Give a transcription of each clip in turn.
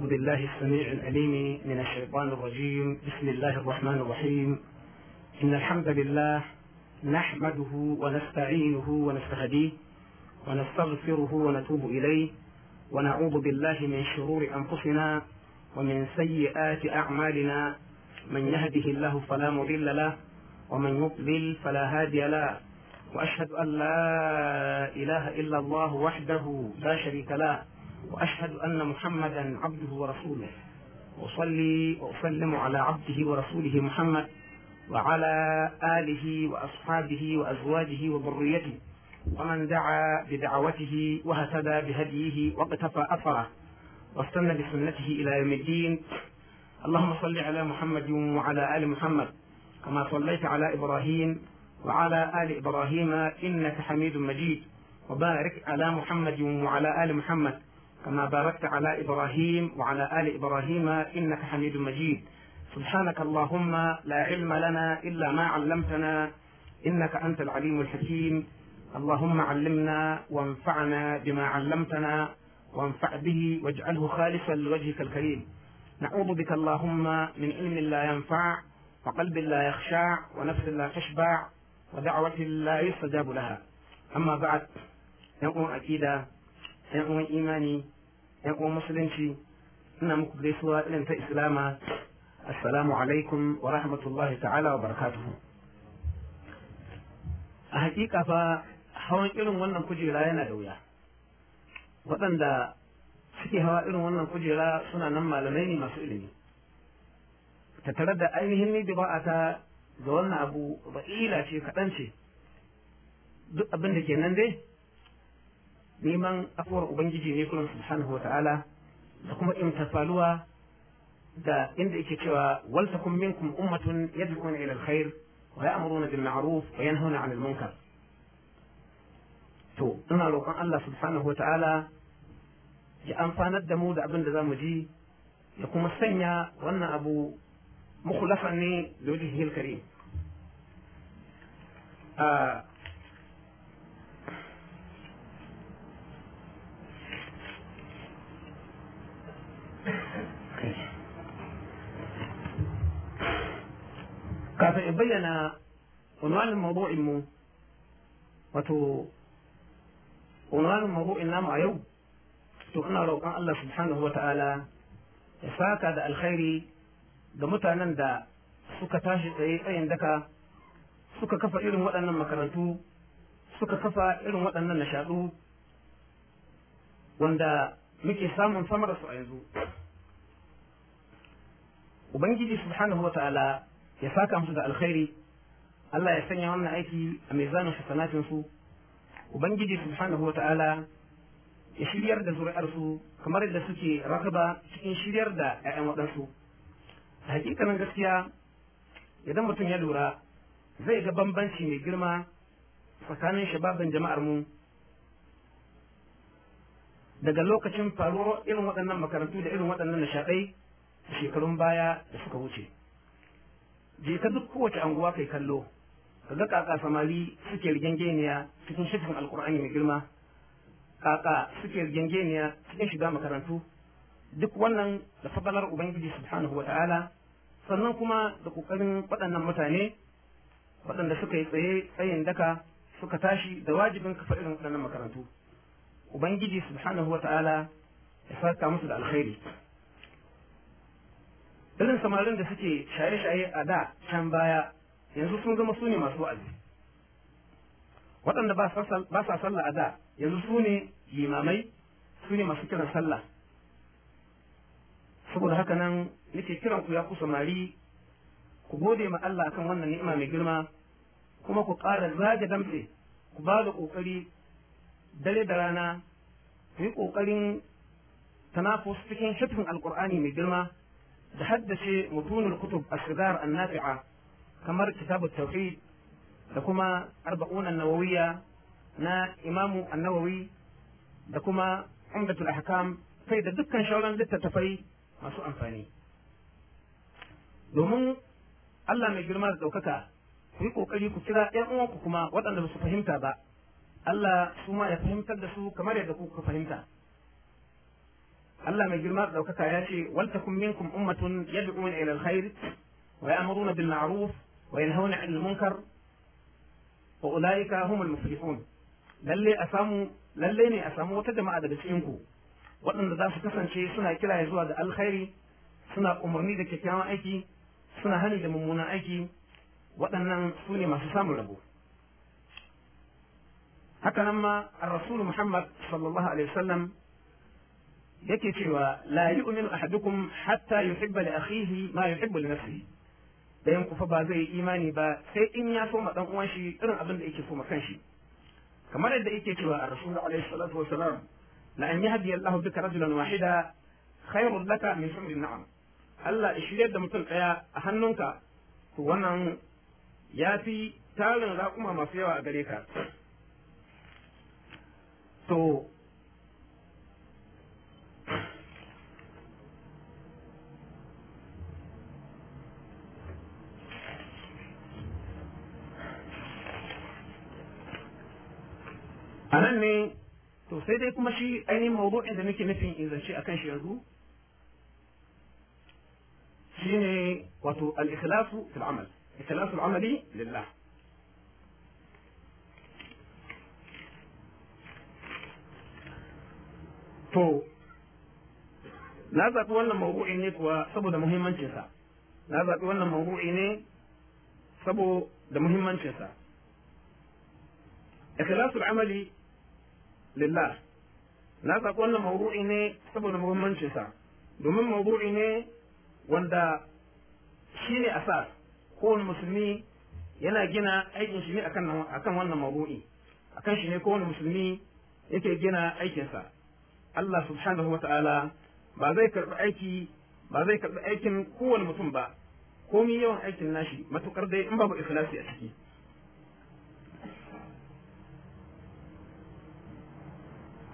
أعوذ بالله السميع العليم من الشيطان الرجيم بسم الله الرحمن الرحيم إن الحمد لله نحمده ونستعينه ونستهديه ونستغفره ونتوب إليه ونعوذ بالله من شرور أنفسنا ومن سيئات أعمالنا من يهده الله فلا مضل له ومن يضلل فلا هادي له وأشهد أن لا إله إلا الله وحده لا شريك له واشهد ان محمدا عبده ورسوله واصلي واسلم على عبده ورسوله محمد وعلى اله واصحابه وازواجه وذريته ومن دعا بدعوته وهتدى بهديه واقتفى اثره واستنى بسنته الى يوم الدين اللهم صل على محمد وعلى ال محمد كما صليت على ابراهيم وعلى ال ابراهيم انك حميد مجيد وبارك على محمد وعلى ال محمد كما باركت على إبراهيم وعلى آل إبراهيم إنك حميد مجيد سبحانك اللهم لا علم لنا إلا ما علمتنا إنك أنت العليم الحكيم اللهم علمنا وانفعنا بما علمتنا وانفع به واجعله خالصا لوجهك الكريم نعوذ بك اللهم من علم لا ينفع وقلب لا يخشع ونفس لا تشبع ودعوة لا يستجاب لها أما بعد يوم أكيدا yan uwan imani yan uwan musulunci ina muku gaisuwa irin ta islama assalamu alaikum wa rahmatullahi ta'ala wa barakatuhu a hakika fa hawan irin wannan kujera yana da wuya waɗanda suke hawa irin wannan kujera suna nan malamai ne masu ilimi tattare da ainihin ni ba ta ga wannan abu ba'ila ce kaɗan ce duk abin da ke nan dai neman afuwar ubangiji ne kuma subhanahu wata'ala da kuma imtasaluwa da inda yake cewa wal takum minkum ummatun yad'una ila alkhair wa ya'muruna bil ma'ruf wa yanhauna 'anil munkar to ina roƙon Allah subhanahu wata'ala ya amfanar da mu da abin da zamu ji ya kuma sanya wannan abu mukhlafan ne da wajhihil karim ah, kafin in bayyana unwanin mawdu'in mu wato unwanin mawdu'in namu a yau to ina roƙon Allah subhanahu ta'ala ya saka da alkhairi ga mutanen da suka tashi tsaye tsayin daka suka kafa irin waɗannan makarantu suka kafa irin waɗannan nishaɗu wanda muke samun samar su a yanzu ubangiji subhanahu wa ta'ala. ya saka musu da alkhairi Allah ya sanya wannan aiki a mizanin hasanatin su ubangiji subhanahu wata'ala ya shiryar da zuri'ar su kamar yadda suke rakaba cikin shiryar da ƴaƴan waɗansu a hakikanin gaskiya idan mutum ya lura zai ga bambanci mai girma tsakanin shababin jama'ar mu daga lokacin faruwar irin waɗannan makarantu da irin waɗannan nishaɗai shekarun baya da suka wuce je ta duk kowace anguwa kai kallo kaga kaka samari suke rigengeniya cikin shifin alkur'ani mai girma kaka suke rigengeniya cikin shiga makarantu duk wannan da fadalar ubangiji subhanahu wa ta'ala sannan kuma da kokarin waɗannan mutane waɗanda suka yi tsaye tsayin daka suka tashi da wajibin kafa irin waɗannan makarantu ubangiji subhanahu wa ta'ala ya saka musu da alkhairi irin samarin da suke shaye-shaye a da can baya yanzu sun zama su ne masu wa'azi waɗanda ba sa sallah a da yanzu su ne limamai su ne masu kiran sallah saboda haka nan nake kiran ku ya ku samari ku gode ma Allah kan wannan ni'ima mai girma kuma ku ƙara zage damse ku ba da ƙoƙari dare da rana ku yi ƙoƙarin tanafus cikin hifin alƙur'ani mai girma تحدث متون الكتب الصغار النافعة كما كتاب التوحيد لكما أربعون النووية نا إمام النووي لكما عمدة الأحكام فإذا دكا شغلا دكا تفاي ما سوء أنفاني دومون الله من جرمات دوكتا فيكو كليكو كلا يرموكو كما وطن دبسو فهمتا با الله سوما يفهمتا دسو كما يدكو كفهمتا الله من جرما لو كتا ولتكن منكم أمة يدعون إلى الخير ويأمرون بالمعروف وينهون عن المنكر وأولئك هم المفلحون للي أسامو لليني أسامو وتجمع هذا بسينكو وأن الناس كسن شيء سنة كلا يزوى الخير سنة أمرني ذك كيان أيكي سنة هني ذممونا أيكي وأن سنة ما سسامو لبو هكذا لما الرسول محمد صلى الله عليه وسلم yake cewa la yu'minu ahadukum hatta yuhibba li akhihi ma yuhibbu li nafsihi dayan kufa ba zai imani ba sai in ya so ma dan uwan shi irin abin da yake so ma kanshi kamar yadda yake cewa a rasul alaihi salatu wa salam la an yahdi Allahu bika rajulan wahida khairul laka min shumri na'am Allah a shiryar da mutum daya a hannunka to wannan ya fi tarin raƙuma masu yawa a gare ka to sai dai kuma shi ainihin mawdu'in da nake nufin in zance akan shi yanzu shine wato al-ikhlasu fil amal ikhlasu al-amali lillah to na zaɓi wannan mawdu'i ne kuwa saboda muhimmancinsa na zaɓi wannan mawdu'i ne saboda muhimmancinsa ikhlasu al-amali lillah na sako wannan mawdu'i ne saboda sa domin mawdu'i ne wanda shi ne asas wani musulmi yana gina aikin shi ne akan wannan mawdu'i akan shi ne ko wani musulmi yake gina aikinsa Allah subhanahu wata'ala ba zai karɓi aiki ba zai karɓi aikin kowane mutum ba komi yawan aikin nashi matukar dai in babu ikhlasi a ciki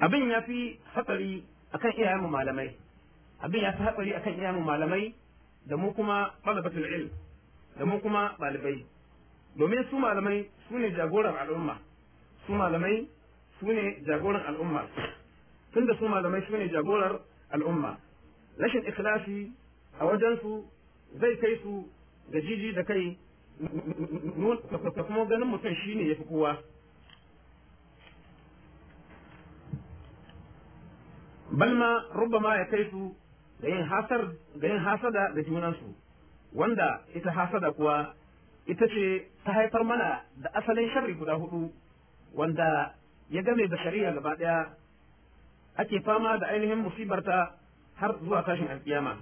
abin ya fi hatsari akan iyayenmu malamai abin ya fi hatsari akan iyayenmu malamai da mu kuma talabatul ilm da mu kuma ɗalibai domin su malamai su ne jagoran al'umma su malamai su ne jagoran al'umma tunda su malamai su ne jagorar al'umma rashin ikhlasi a wajensu zai kai su da jiji da kai nuna kuma ganin mutum shine fi kowa balma rubbama ya kai su da yin hasar yin hasada da junansu wanda ita hasada kuwa ita ce ta haifar mana da asalin sharri guda hudu wanda ya game da shari'a gaba daya ake fama da ainihin musibarta har zuwa tashin alkiyama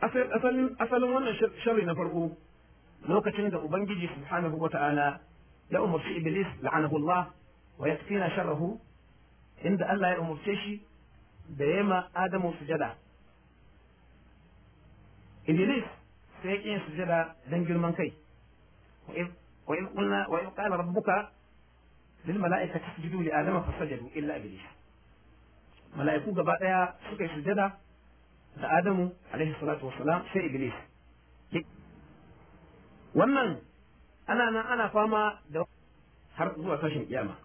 asalin asalin wannan sharri na farko lokacin da ubangiji subhanahu wata'ala ya umarci iblis la'anahu Allah wa yakfina sharrahu inda Allah ya umurce shi da ya ma Adamu sujada Iblis sai ya ƙi sujada don girman kai wa in qulna wa in qala rabbuka lil mala'ika tasjudu li adama sajadu illa iblis mala'iku gaba daya suka yi sujada da Adamu alaihi salatu wassalam sai iblis wannan ana nan ana fama da har zuwa tashin kiyama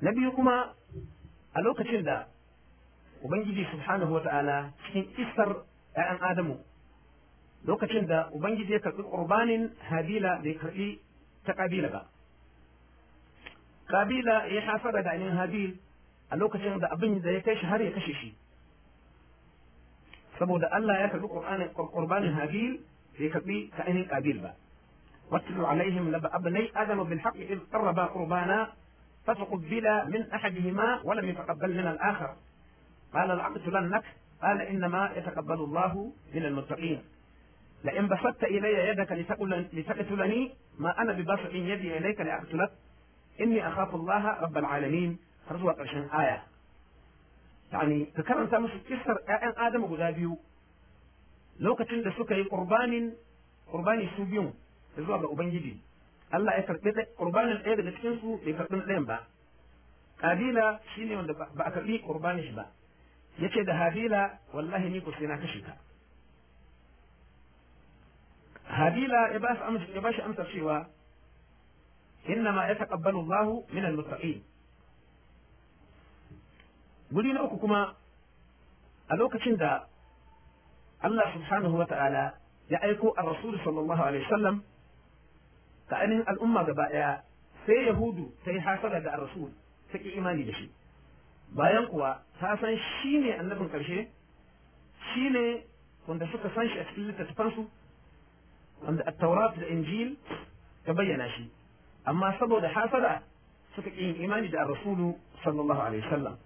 na biyu kuma a lokacin da ubangiji subhanahu wa ta'ala cikin isar ‘ya'yan adamu lokacin da ubangiji ya karɓi ƙurbanin habila bai karɓi ta ƙabila ba ƙabila ya hasara da ainihin habil a lokacin da abin da ya kai shi har ya kashe shi saboda Allah ya karɓi ƙurbanin habil bai karɓi ta ainihin ƙabil ba واتلوا عليهم نبأ ابني آدم بالحق إذ قربا قربانا فتقبل من أحدهما ولم يتقبل من الآخر قال العقد لنك قال إنما يتقبل الله من المتقين لئن بسطت إلي يدك لتقتلني ما أنا بباسط يدي إليك لأقتلك إني أخاف الله رب العالمين har zuwa آية يعني تكرم تامس karanta musu آدم ƴaƴan لو guda biyu قربان قربان سوبيون yi ƙurbanin ƙurbani Allah ya karɓi ƙurbanin ɗaya daga cikin su bai karɓi ɗayan ba kabila shine wanda ba a karɓi ƙurbanin shi ba yace da habila wallahi ni ko sai na kashe ka habila ya ba shi amsa ya ba shi amsa cewa innama yataqabbalu Allahu min al-muttaqin guri na uku kuma a lokacin da Allah subhanahu wa ta'ala ya aiko a Rasul sallallahu alaihi wasallam ga ainihin al'umma gaba ɗaya sai yahudu ta yi hasara ga rasul ta ki imani da shi bayan kuwa ta san shi ne annabin ƙarshe shi ne wanda suka san shi a cikin littattafansu wanda taurat da injil ta bayyana shi amma saboda hasara suka ƙi imani da rasulu sallallahu alaihi wasallam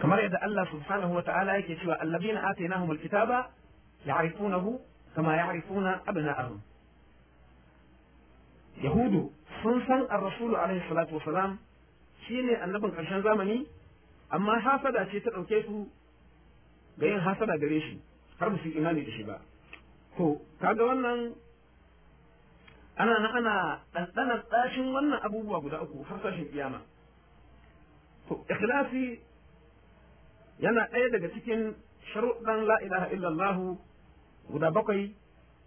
kamar yadda Allah subhanahu wa ta'ala yake cewa allabina atainahumul kitaba ya'rifunahu kama ya'rifuna abna'ahum yahudu sun san ar-rasulu alaihi salatu wasalam shine annabin ƙarshen zamani amma hasada ce ta ɗauke su ga yin hasada gare shi har ba su imani da shi ba to kaga wannan ana nan ana ɗanɗanar tsashin wannan abubuwa guda uku har sashin kiyama to ikhlasi yana ɗaya daga cikin sharuɗan la ilaha illallah guda bakwai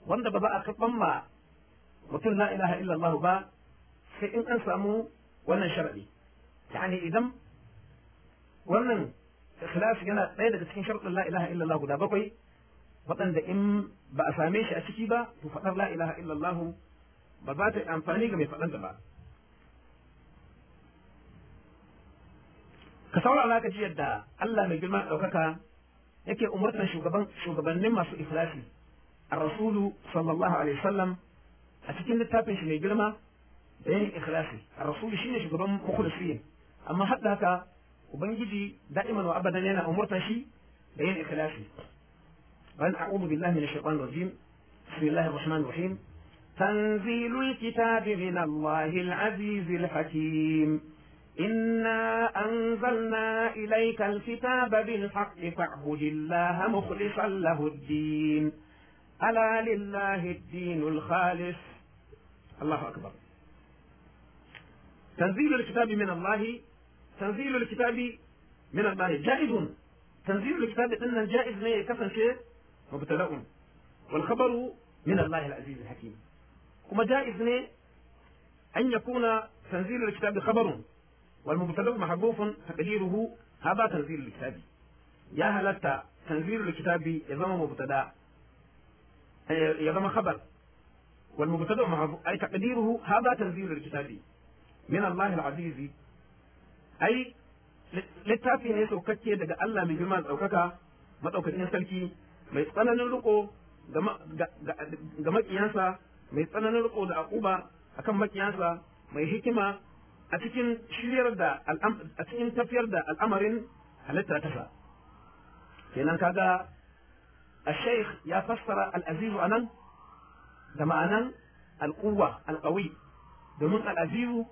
wanda ba za a karɓan ma mutum la ilaha illallah ba sai in an samu wannan sharaɗi yani idan wannan ikhlas yana ɗaya daga cikin sharadin la ilaha illallah guda bakwai waɗanda in ba a same shi a ciki ba to faɗar la ilaha illallah ba za ta yi amfani ga mai faɗar ba ka saurara ka ji yadda Allah mai girma ɗaukaka yake umurtan shugaban shugabannin masu ikhlasi ar-rasulu sallallahu alaihi wasallam a cikin littafin shi mai girma da yin ikhlasi ar-rasulu shine shugaban mukhlisin amma hadda haka ubangiji da'iman wa abadan yana umurtan shi da yin ikhlasi bal a'udhu billahi minash shaitanir rajim bismillahir rahmanir rahim تنزيل الكتاب من الله العزيز الحكيم إنا أنزلنا إليك الكتاب بالحق فاعبد الله مخلصا له الدين ألا لله الدين الخالص الله أكبر تنزيل الكتاب من الله تنزيل الكتاب من الله جائز تنزيل الكتاب إن الجائز ما يكفن شيء مبتلأ والخبر من الله العزيز الحكيم وما جائز أن يكون تنزيل الكتاب خبر والمبتدا محذوف تقديره هذا تنزيل الكتاب يا هلتا تنزيل الكتاب يزم مبتدا يزم خبر والمبتدا محذوف اي تقديره هذا تنزيل الكتاب من الله العزيز اي littafi ne saukakke daga Allah mai girma ɗaukaka maɗaukakin sarki mai tsananin riko ga makiyansa mai tsananin riko da akuba akan makiyansa mai hikima أتكن تفير دا الأمر التي تفا لأن كذا الشيخ يا فسر الأزيز أنا دم أنا القوة القوي دم الأزيز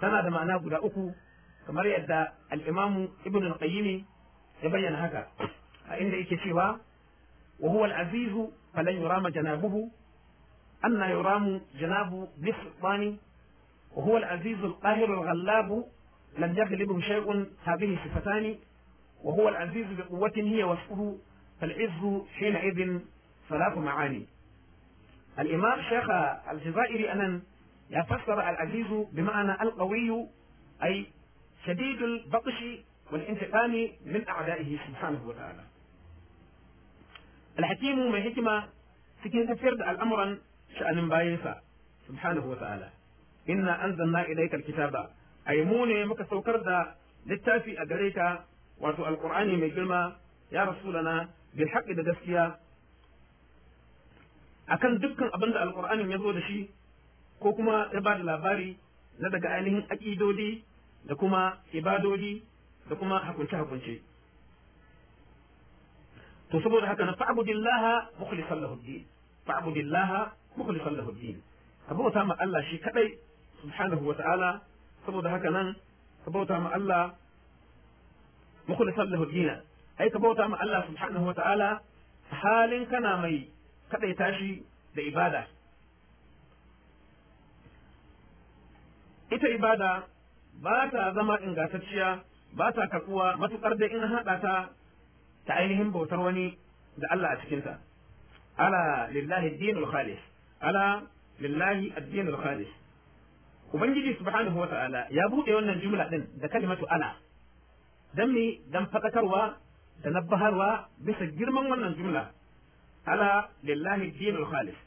تنا دم أنا بدا كما يدى الإمام ابن القيم يبين هذا عند إكتشفا وهو العزيز فلن يرام جنابه أن يرام جناب بسلطانه وهو العزيز القاهر الغلاب لم يغلبه شيء هذه صفتان وهو العزيز بقوة هي وصفه فالعز حينئذ ثلاث معاني الإمام شيخ الجزائري أنا يفسر العزيز بمعنى القوي أي شديد البطش والانتقام من أعدائه سبحانه وتعالى الحكيم ما هكما سكين تفرد الأمر شأن بايسا سبحانه وتعالى inna anzalna ilayka alkitaba ai mu ne muka saukar da littafi a gare ka wato alqur'ani mai girma ya rasulana bil haqqi da gaskiya akan dukkan abin da alqur'anin ya zo da shi ko kuma ya ba da labari na daga ainihin aƙidodi da kuma ibadodi da kuma hakunce-hakunce. To saboda haka na fa'abudillaha mukhlisan lahu din. Fa'abudillaha mukhlisan lahu din. Ka bauta ma Allah shi kadai subhanahu wa ta'ala saboda haka nan ka bauta ma Allah mukhlisan lahu dina ai ka bauta ma Allah subhanahu wa ta'ala halin kana mai kadaita tashi da ibada ita ibada ba ta zama ingantacciya ba ta karɓuwa matukar da in hada ta ta ainihin bautar wani da Allah a cikinta. Ala lillahi addinul khalis. Ala lillahi addinul khalis. ubangiji subhanahu wata'ala ya bude wannan jumla din da kalimatu ana dan me dan fadakarwa da nabbaharwa bisa girman wannan jumla ala lillahi dinul khalis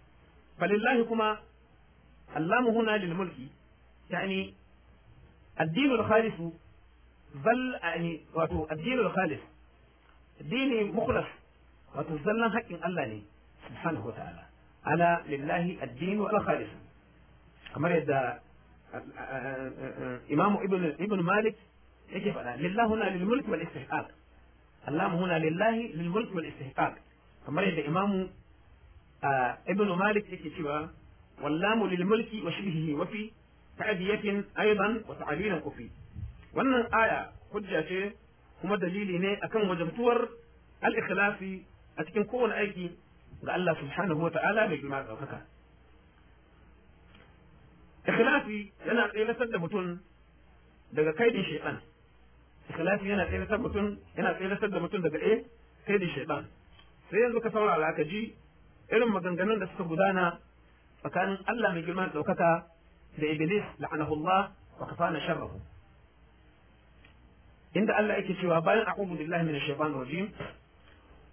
fa lillahi kuma allamu huna lil mulki yani addinul khalis bal yani wato addinul khalis dini mukhlas wato zallan haƙƙin Allah ne subhanahu wata'ala ala lillahi addinu khalis kamar yadda إمام ابن ابن مالك يجب لله هنا للملك والاستحقاق اللام هنا لله للملك والاستحقاق فمرد إمام آه، ابن مالك يكتب واللام للملك وشبهه وفي تعدية أيضا وتعليلا كفي وأن الآية حجة هما دليل إن أكم وجبتور الإخلاف أتكن كون أيدي الله سبحانه وتعالى بجمع ذلك ikhlasi yana tsayar da mutum daga kaidin ikhlasi yana tsayar da mutum yana tsayar da mutum daga eh kaidin shaytan sai yanzu ka saurara ka ji irin maganganun da suka gudana tsakanin Allah mai girman ɗaukaka da Iblis la'anahullah wa kafana sharrahu inda Allah yake cewa bayan a'udhu billahi minash shaitanir rajim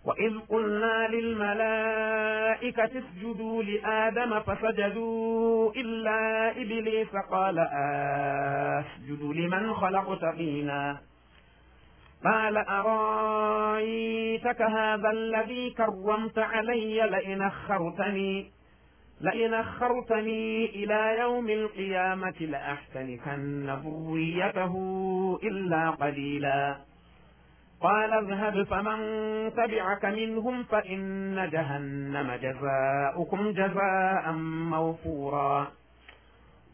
وإذ قلنا للملائكة اسجدوا لآدم فسجدوا إلا إبليس قال أسجد لمن خلقت تقينا قال أرايتك هذا الذي كرمت علي لئن أخرتني لئن أخرتني إلى يوم القيامة لأحتنكن ذريته إلا قليلاً قال اذهب فمن تبعك منهم فإن جهنم جزاؤكم جزاء موفورا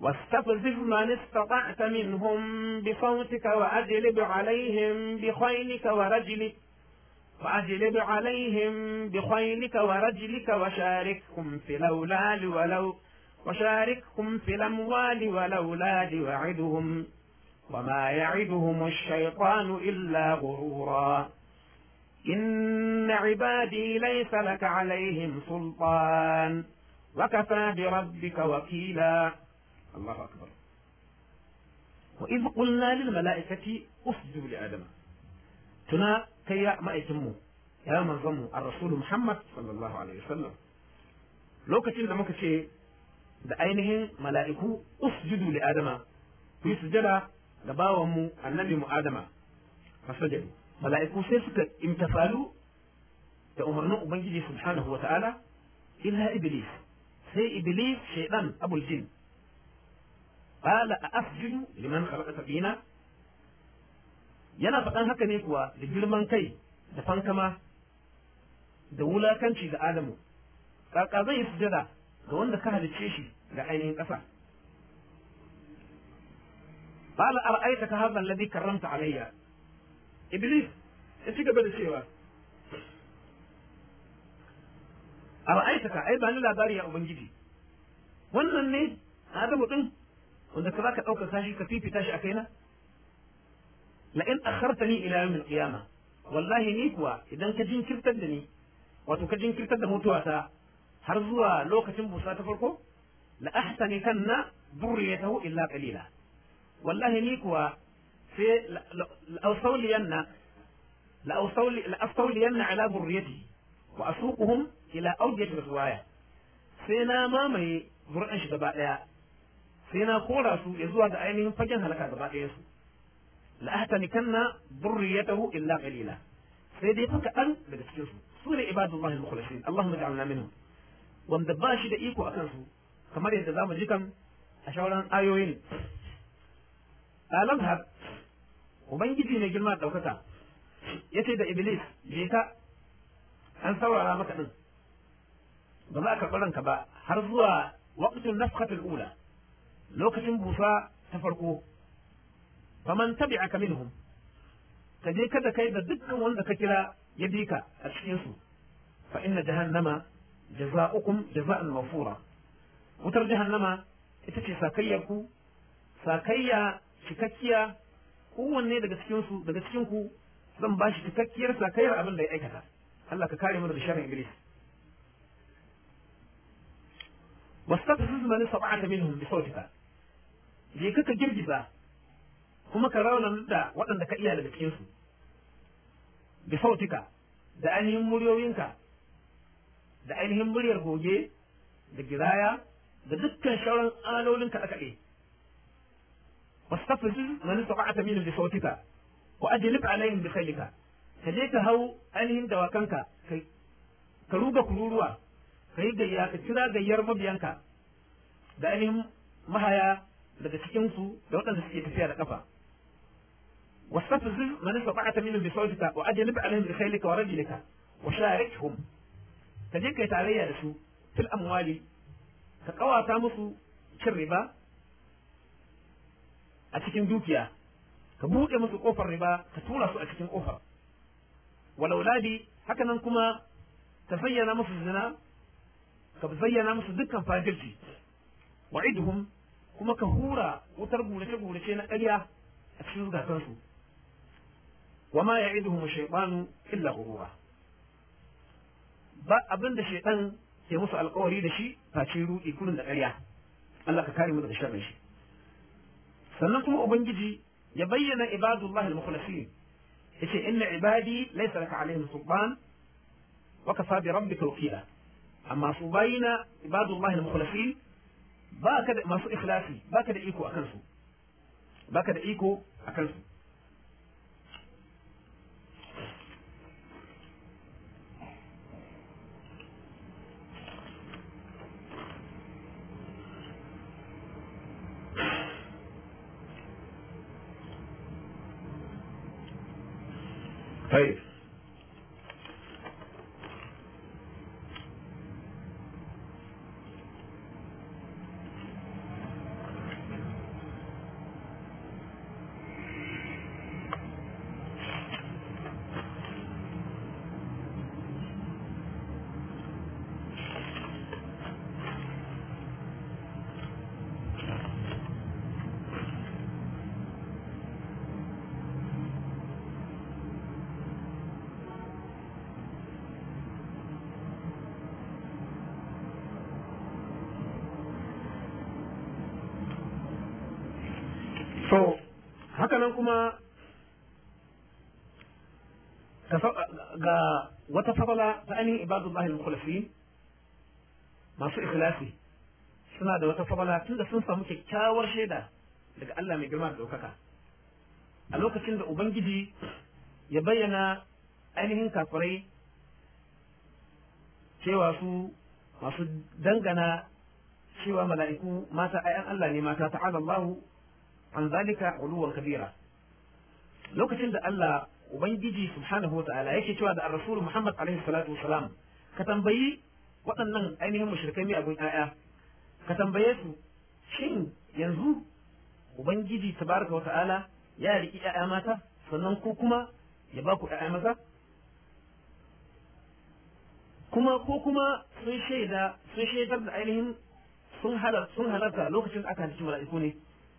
واستفزف من استطعت منهم بصوتك وأجلب عليهم بخيلك ورجلك وأجلب عليهم بخيلك ورجلك وشاركهم في الأولاد ولو وشاركهم في الأموال والأولاد وعدهم وما يعدهم الشيطان إلا غرورا إن عبادي ليس لك عليهم سلطان وكفى بربك وكيلا الله أكبر وإذ قلنا للملائكة أسجدوا لآدم تنا كي ما يتموا يا من ظنوا الرسول محمد صلى الله عليه وسلم لو كتير muka ce بأينهم ملائكة أسجدوا لآدم li ga bawanmu mu annabi mu adama fasajadu mala'iku sai suka imtafalu da umarnin ubangiji subhanahu wa ta'ala illa iblis sai iblis shaidan abul jin qala a asjudu liman khalaqa tabina yana faɗan haka ne kuwa da girman kai da fankama da wulakanci ga adamu ƙaƙa zai yi sujada ga wanda ka halicce shi ga ainihin ƙasa قال أرأيتك هذا الذي كرمت علي إبليس إيش قبل الشيء أرأيتك أي بان لا داري يا أبنجيجي ونن هذا مطن وذلك ذاك أوك ساشي كفيفي تاشي أكينا لئن أخرتني إلى يوم القيامة والله نيكوا إذا كجين كرتدني واتو كجين كرتد موتواتا هرزوا لوكة بوساتفركو لأحسن كنا بريته إلا قليلا والله ليكوا في لأوصولين لأوصولين على بريتي وأسوقهم إلى أوجه الرواية سينا مامي برئن شدباء لها سينا قول رسو يزوى دعينهم فجن هلكا دباء يسو لأهتنكن بريته إلا قليلا سيدي فك أن بدكيسو سورة عباد الله المخلصين اللهم اجعلنا منهم ومدباء شدئيكو أكنسو كما يتزام جيكم أشعر أن آيوين alam har ubangiji ne girma daukaka yace da iblis je ka an saurara maka din ba za ka ranka ba har zuwa waqtul nafkhatul ula lokacin busa ta farko faman tabi'aka minhum ka je kada kai da dukkan wanda ka kira ya bi ka a cikin su fa inna jahannama jaza'ukum jaza'an mafura wutar jahannama ita ce sakayyar ku sakayya cikakkiya kowanne daga cikin su daga cikin ku zan ba shi cikakkiyar sakayyar abin da ya aikata Allah ka kare mu daga sharrin iblis wastaqfiz man sab'ata minhum bi sawtika je ka girgiza kuma ka rauna da waɗanda ka iya daga cikin su bi sautika da ainihin muryoyinka da ainihin muryar goge da giraya da dukkan shauran alolinka da kaɗe واستفز من استطعت منهم بصوتك وأجلب عليهم بخيلك كذلك هو أنهم دواكنك كروبا كروروا kai gayya ka kira gayyar mabiyanka da ainihin mahaya daga cikinsu da waɗanda suke tafiya da kafa wastafzil man istata'ta minhum bi sawtika wa ajlib alaihim bi khaylika wa rajlika wa sharikhum ka je kai tarayya da su fil amwali ka ƙawata musu cin riba a cikin dukiya ka buɗe musu ƙofar riba ka tura su a cikin ƙofar walauladi haka nan kuma ka zayyana musu zina ka zayyana musu dukkan fajirci wa'idhum kuma ka hura wutar gurace-gurace na ƙarya a cikin zukatansu wa ma ya'iduhum shaytanu illa ghurura ba abin da shaytan ke musu alƙawari da shi face ruɗi gudun da ƙarya Allah ka kare mu daga sharrin shi sannan kuma ubangiji ya bayyana ibadullahi al-mukhlasin yace inna ibadi laysa laka alaihim sultan wa kafa bi rabbika wakila amma su bayina ibadullahi al-mukhlasin baka da masu ikhlasi baka da iko akan su baka da iko akan su kuma ga wata fabala ta ainihin ibadullahi al masu ikhlasi suna da wata fabala tun da sun samu kyakkyawar shaida daga Allah mai girma da ɗaukaka a lokacin da ubangiji ya bayyana ainihin kafirai cewa su masu dangana cewa mala'iku mata ayan Allah ne mata ta'ala Allahu an zalika uluwan kabira lokacin da Allah ubangiji subhanahu wa ta'ala yake cewa da ar-rasul Muhammad alaihi salatu wasalam ka tambayi waɗannan ainihin mushrikai mai abin aya ka tambaye su shin yanzu ubangiji tabaraka ta'ala ya riki ƴaƴa mata sannan ko kuma ya ba ku ƴaƴa maza kuma ko kuma sun shaida sun shaidar da ainihin sun halarta lokacin da aka halarci mala'iku ne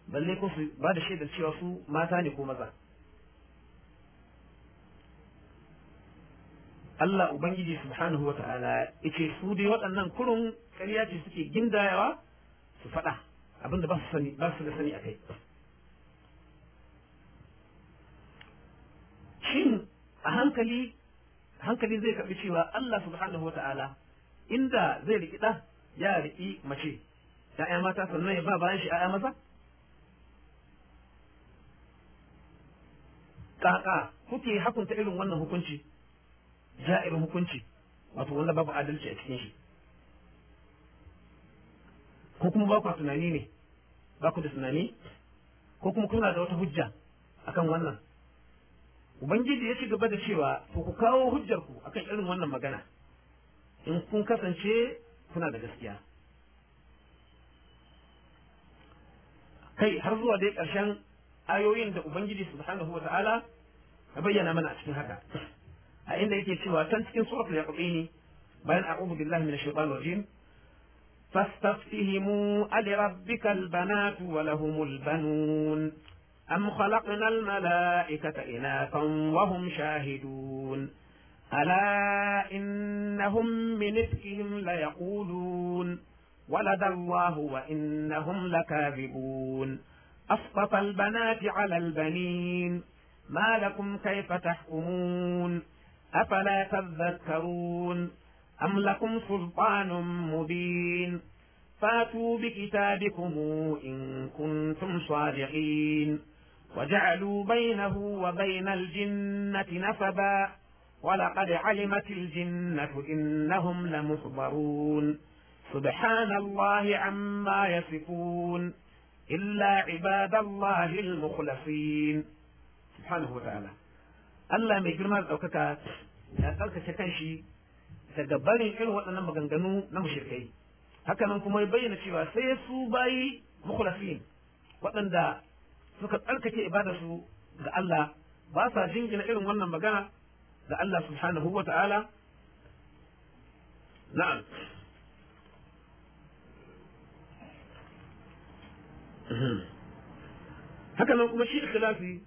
balle ko su ba da shaidar cewa su mata ne ko maza Allah Ubangiji subhanahu ta'ala ya ce su dai waɗannan kurun ƙarya ce suke gindayawa su faɗa abinda ba su sani ba su da sani a kai shin a hankali hankali zai kaɓi cewa Allah subhanahu ta’ala inda zai riƙi ɗa ya riƙi mace ‘ya'ya mata sannan ya ba bayan shi ‘ya'ya maza? Ƙaƙa kuke hakunta irin wannan hukunci ja'irin hukunci wato wanda babu adalci a cikin shi ko kuma ba ku tunani ne ba ku da tunani ko kuma kuna da wata hujja akan wannan ubangiji ya ci gaba da cewa to ku kawo hujjar ku akan irin wannan magana in kun kasance kuna da gaskiya kai har zuwa dai ƙarshen ayoyin da ubangiji subhanahu wa ta'ala ya bayyana mana a cikin haka a inda yake cewa can cikin suratul yaqini bayan a'udhu billahi minash shaitanir rajim فاستفتهموا ألربك البنات ولهم البنون أم خلقنا الملائكة إناثا وهم شاهدون ألا إنهم من إفكهم ليقولون ولد الله وإنهم لكاذبون أسقط البنات على البنين ما لكم كيف تحكمون أفلا تذكرون أم لكم سلطان مبين فاتوا بكتابكم إن كنتم صادقين وجعلوا بينه وبين الجنة نسبا ولقد علمت الجنة إنهم لمصبرون سبحان الله عما يصفون إلا عباد الله المخلصين سبحانه وتعالى Allah mai girma da ɗaukaka ya kan kanshi daga barin irin waɗannan maganganu na mushrikai haka nan kuma ya bayyana cewa sai su bayi mukhlasin waɗanda suka tsarkake su ga Allah ba sa jingina irin wannan magana ga Allah subhanahu wa ta'ala na'am haka nan kuma shi ikhlasi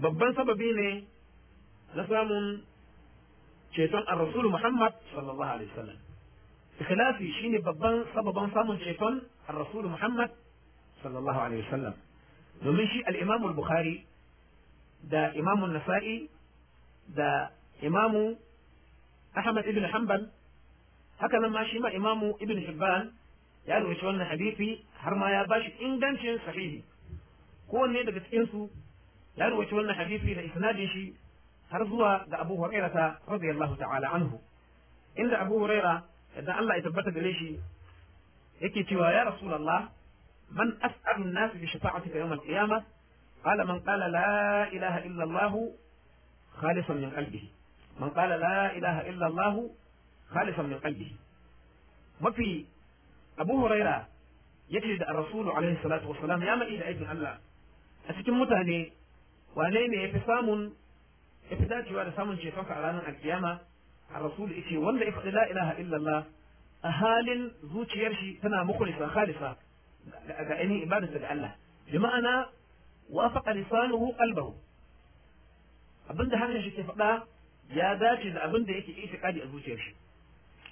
babban sababi ne na samun ceton a rasulu muhammad sallallahu alaihi wasallam ikhlasi shine babban sababan samun ceton a rasulu muhammad sallallahu alaihi wasallam domin shi al'imamul bukhari da imamun nasa'i da imamu ahmad ibn hanbal haka nan ma shi ma imamu ibn hibban ya rubuci wannan hadisi har ma ya bashi ingancin sahihi kowanne daga cikinsu. ya rawaito wannan hadisi da isnadin shi har zuwa ga Abu Hurairah radiyallahu ta'ala anhu inda Abu Hurairah idan Allah ya tabbata gare shi yake cewa ya Rasulullah man as'alu an-nas bi shafa'atika yawm al-qiyamah qala man qala la ilaha illa Allah khalisan min qalbihi man qala la ilaha illa Allah khalisan min qalbihi mafi Abu Hurairah yace da Rasulu alaihi salatu wassalam ya mai da aikin Allah a cikin mutane wane ne ya fi samun ya fi dacewa da samun cetonka a ranar alkiyama a rasulu ya ce wanda ya faɗi la ilaha illallah a halin zuciyar shi tana mukulisa khalisa ga ainihin ibadarsa ga Allah bi ma'ana wa wafaqa lisanuhu qalbahu abinda harshen shi ke faɗa ya dace da abinda yake itiqadi a zuciyar shi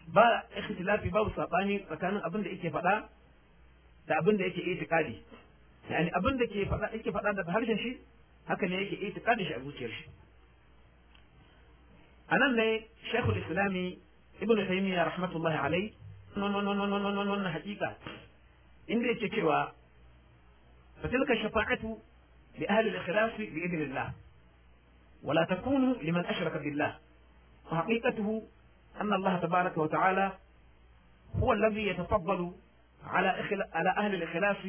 ba ikhtilafi babu sabani tsakanin abinda yake faɗa da abinda yake itiqadi yani abinda ke faɗa yake faɗa da harshen shi haka ne yake itikadin shi a zuciyar shi a nan ne shekul islami ibn taymiya rahmatullahi alai wannan hakika inda yake cewa فتلك الشفاعة لأهل الإخلاص بإذن الله ولا تكون لمن أشرك بالله وحقيقته أن الله تبارك وتعالى هو الذي يتفضل على على أهل الإخلاص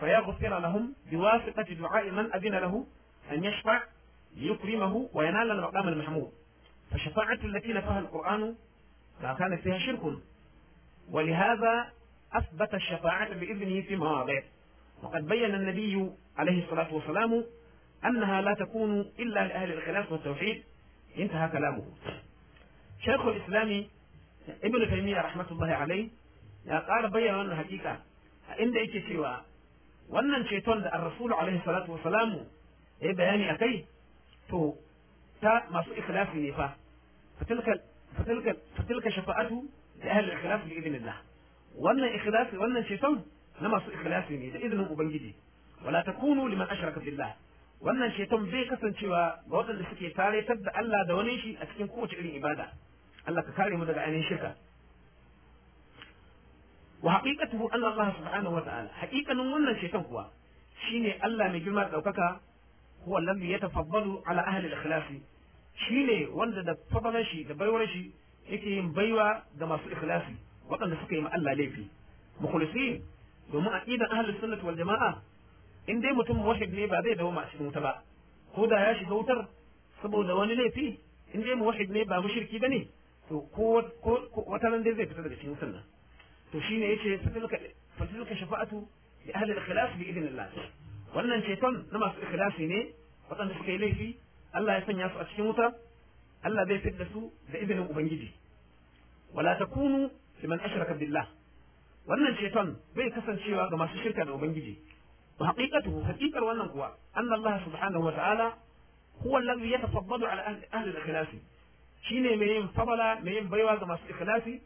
فيغفر لهم بواسطة دعاء من أذن له أن يشفع ليكرمه وينال المقام المحمود فشفاعة التي نفاها القرآن كان فيها شرك ولهذا أثبت الشفاعة بإذنه في مواضع وقد بين النبي عليه الصلاة والسلام أنها لا تكون إلا لأهل الخلاف والتوحيد انتهى كلامه شيخ الإسلام ابن تيمية رحمة الله عليه قال بيّن أن wannan hakika a inda وأن الشيطان الرسول عليه الصلاة والسلام ya eh, bayani a kai to ta masu ikhlasi ne fa fatilka shafa'atu da ahal ikhlas bi idnillah wannan ikhlas wannan ceton na masu ikhlasi ne da izinin ubangiji wala takunu liman ashraka billah wannan ceton zai kasancewa ga waɗanda suke taretar da Allah da wani shi a cikin kowace irin ibada Allah ka kare mu daga ainihin shirka wa haqiqatuhu anna Allah subhanahu wa ta'ala haqiqanin wannan ceton kuwa shine Allah mai girma daukaka huwa ya yatafaddalu ala ahli al-ikhlasi shine wanda da fadalan shi da baiwar shi yake yin baiwa ga masu ikhlasi waɗanda suka yi ma Allah laifi mukhlisin domin aqidan ahli sunnah wal jamaa in dai mutum muwahhid ne ba zai dawo ma cikin wuta ba ko da ya shiga wutar saboda wani laifi in dai muwahhid ne ba mushriki bane to ko wata nan dai zai fita daga cikin wutar nan to shine yace fatilka fatilka shafa'atu li ahli al-ikhlas bi idnillah wannan ceton na masu ikhlasi ne waɗanda suka yi laifi Allah ya sanya su a cikin wuta Allah zai fidda su da izinin ubangiji wala takunu liman ashraka billah wannan ceton bai kasancewa ga masu shirka da ubangiji wa haqiqatuhu haqiqar wannan kuwa anna Allah subhanahu wa ta'ala huwa alladhi yatafaddalu ala ahli al-ikhlas shine mai yin fabala mai yin baiwa ga masu ikhlasi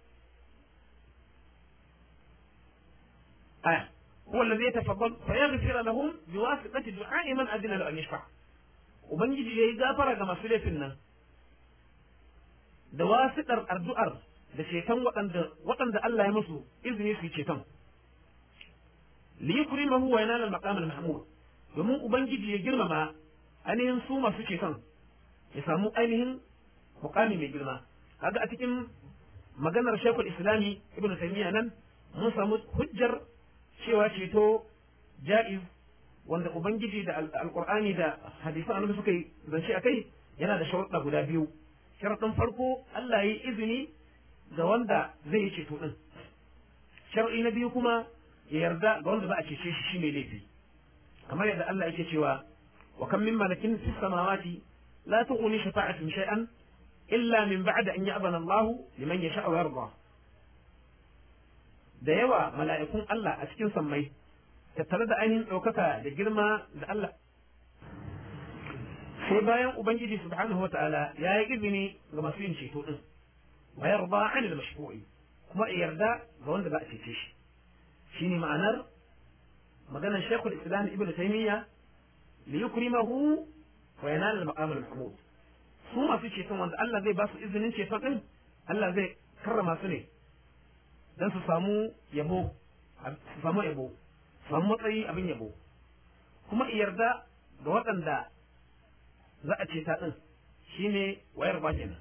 aya هو الذي يتفضل فيغفر لهم بواسطة دعاء من أذن له أن يشفع ubangiji ya yi gafara ga masu laifin nan da wasiɗar addu'ar da ceton waɗanda Allah ya musu izini su yi ceton li ya wa yanal maqam domin ubangiji ya girmama ainihin su masu ceton ya samu ainihin muqami mai girma kaga a cikin maganar shekul islami ibnu taymiya nan mun samu hujjar cewa ceto ja'iz wanda ubangiji da alkur'ani da hadisan annabi suka yi zance akai yana da sharuɗa guda biyu sharuɗin farko Allah yi izini ga wanda zai yi ceto din sharuɗi na biyu kuma ya yarda ga wanda ba a cece shi shine laifi kamar yadda Allah yake cewa wa kam min malakin fis samawati la tughni shafa'atuhum shay'an illa min ba'da an ya'bana Allah liman yasha'u yarda da yawa mala'ikun Allah a cikin sammai tattare da ainihin ɗaukaka da girma da Allah sai bayan ubangiji subhanahu wataala ya yi izini ga masu yin ceto din wa yarda an da mashfu'i kuma yarda ga wanda za a cece shi Shi ne ma'anar maganar Shekul islam ibnu taymiya li yukrimahu wa yanal al maqam al mahmud su masu ceton wanda Allah zai ba su izinin ceto din Allah zai karrama su ne don su samu yabo su samu yabo su samu matsayi abin yabo kuma yarda ga waɗanda za a ce ta ɗin shine wayar ba kenan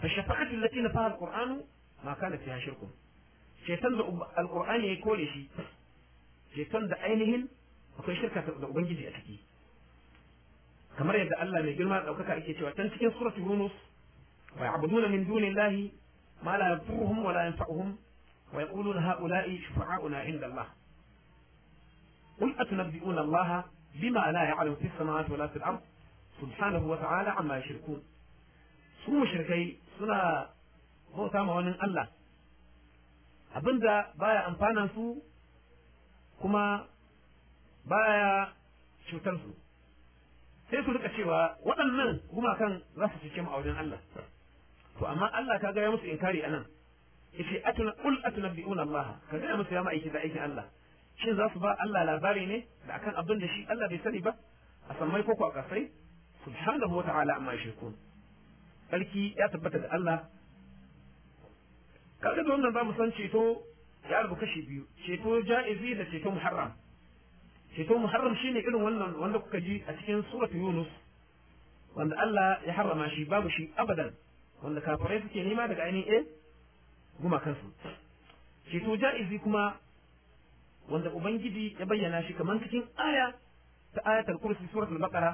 فالشفاعة التي نفاها القرآن ما كان فيها شرك شيطان ده القرآن يقول شيء شيطان ده عينهن akwai shirka da ubangiji a ciki kamar yadda Allah mai girma daukaka yake cewa tan cikin suratu yunus wa ya'buduna min dunillahi ما لا يضرهم ولا ينفعهم ويقولون هؤلاء شفعاؤنا عند الله قل أتنبئون الله بما لا يعلم في السماوات ولا في الأرض سبحانه وتعالى عما يشركون su mushrikai suna bauta ma wani Allah abinda baya amfana su kuma baya cutar su sai su rika cewa waɗannan gumakan za su cike ma'aunin a Allah to amma Allah ka ya musu inkari anan yace atuna qul atunabbi'una Allah ka gaya musu ya ma'aiki da aikin Allah shin za su ba Allah labari ne da akan abin da shi Allah bai sani ba a sammai ko a kasai subhanahu wa ta'ala amma shirkun sarki ya tabbata da Allah kaga ga wannan zamu san ceto ya rubu kashi biyu ceto ja'izi da ceto muharram ceto muharram shine irin wannan wanda kuka ji a cikin suratu yunus wanda Allah ya harrama shi babu shi abadan wanda kafirai suke nema daga ainihin eh, gumakansu ceto ja'izi kuma wanda ubangiji ya bayyana shi kamar cikin aya ta ayatul kursi suratul baqara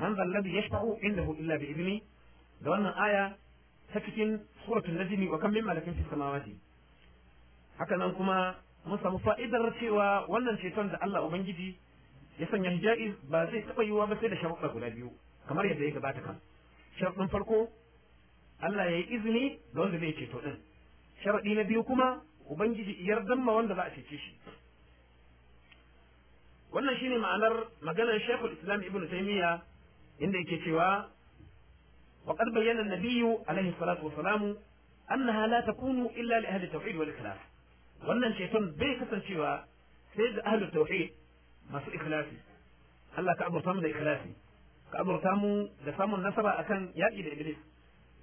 man zal ladhi yashfa'u indahu illa bi idni da wannan aya ta cikin suratul najmi wa kam min malakin fis samawati haka nan kuma mun samu fa'idar cewa wannan ceton da Allah ubangiji ya sanya ja'iz ba zai taba yiwa ba sai da sharuɗa guda biyu kamar yadda ya gabata kan sharuɗin farko Allah ya yi izini da wanda zai ceto ɗin sharaɗi na biyu kuma ubangiji yardan ma wanda za a cece shi wannan shi ne ma'anar maganar shekul islam ibn taymiya inda yake cewa wa qad bayyana an-nabiyyu alaihi salatu wa salamu annaha la takunu illa li ahli tauhid wal ikhlas wannan ceton bai kasancewa sai da ahli tauhid masu ikhlasi Allah ka amurta mu da ikhlasi ka amurta mu da samun nasara akan yaƙi da iblis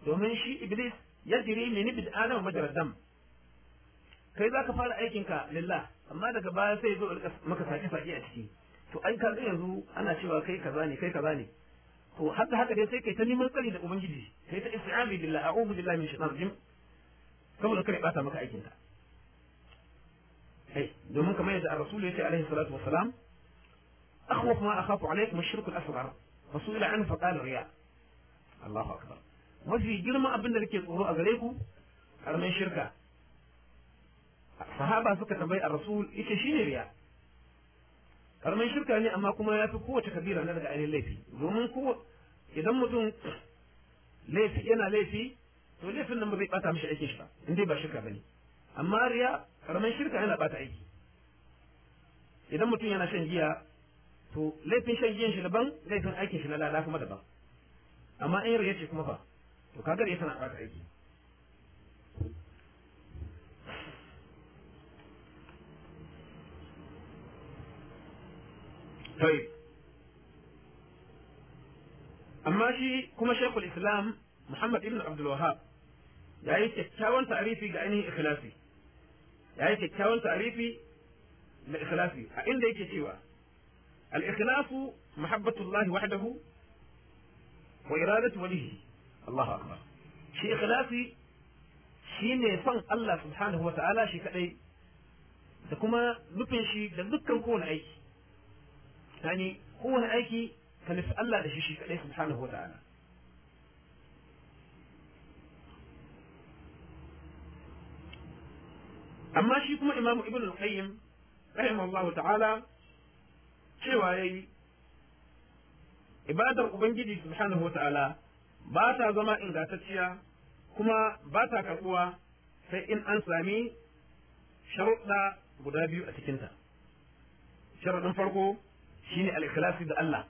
domin shi iblis ya jiri mini bid adam majarar dam kai za ka fara aikinka lillah amma daga baya sai zo maka saki saki a ciki to ai ka yanzu ana cewa kai kaza ne kai kaza ne to haka haka dai sai kai ta neman tsari da ubangiji kai ta isti'abi billah a'udhu billahi min shaitanir rajim saboda kare ta maka aikinka kai domin kamar yadda ar-rasul yace alaihi salatu wassalam أخوف ما أخاف عليكم الشرك الأصغر فسئل عنه فقال riya الله أكبر mafi girman abin da nake tsoro a gare ku karamin shirka sahaba suka tambayi a rasul ita shine riya karamin shirka ne amma kuma ya fi kowace kabira na daga ainihin laifi domin ko idan mutum laifi yana laifi to laifin nan ba zai bata mishi aikin shi ba in dai ba shirka bane amma riya karamin shirka yana bata aiki idan mutum yana shan giya to laifin shan giyan shi daban laifin aikin shi na lada kuma daban amma in riya ce kuma fa to kaga da tana aiki طيب amma shi kuma shekul islam muhammad ibn abdul wahab ya yi kyakkyawan ta'arifi ga ainihin ikhlasi ya yi kyakkyawan ta'arifi na ikhlasi a inda yake cewa al-ikhlasu mahabbatullahi wahdahu wa iradatu wajhihi الله أكبر شيء خلافي شين يفن الله سبحانه وتعالى شيء كأي دكما نبين شيء دكما نكون أي يعني هو أي كنف الله لشي شيء كأي سبحانه وتعالى أما شيء كما إمام ابن القيم رحمه الله تعالى شواي عبادة أبنجي سبحانه وتعالى ba ta zama ingantacciya kuma ba ta karɓuwa sai in an sami sharuɗa guda biyu a cikinta sharuɗin farko shine al-ikhlasi da Allah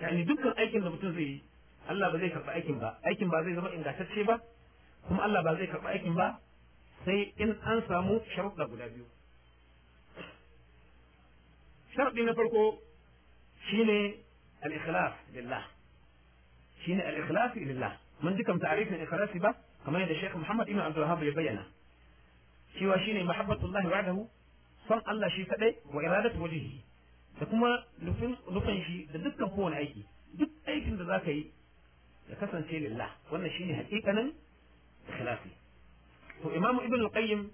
yani dukkan aikin da mutum zai yi Allah ba zai karɓi aikin ba aikin ba zai zama ingantacce ba kuma Allah ba zai karɓi aikin ba sai in an samu sharuɗa guda biyu sharaɗi na farko shine al-ikhlas lillah shine al-ikhlasi lillah mun dukan ta'rifin ikhlasi ba kamar yadda Sheikh Muhammad Ibn Abdul Wahhab ya bayyana cewa shine mahabbatullahi wa'dahu son Allah shi kadai wa iradatu wajhihi da kuma nufin nufin shi da dukkan kowane aiki duk aikin da zaka yi ya kasance lillah wannan shine hakikanin ikhlasi to Imam Ibn al-Qayyim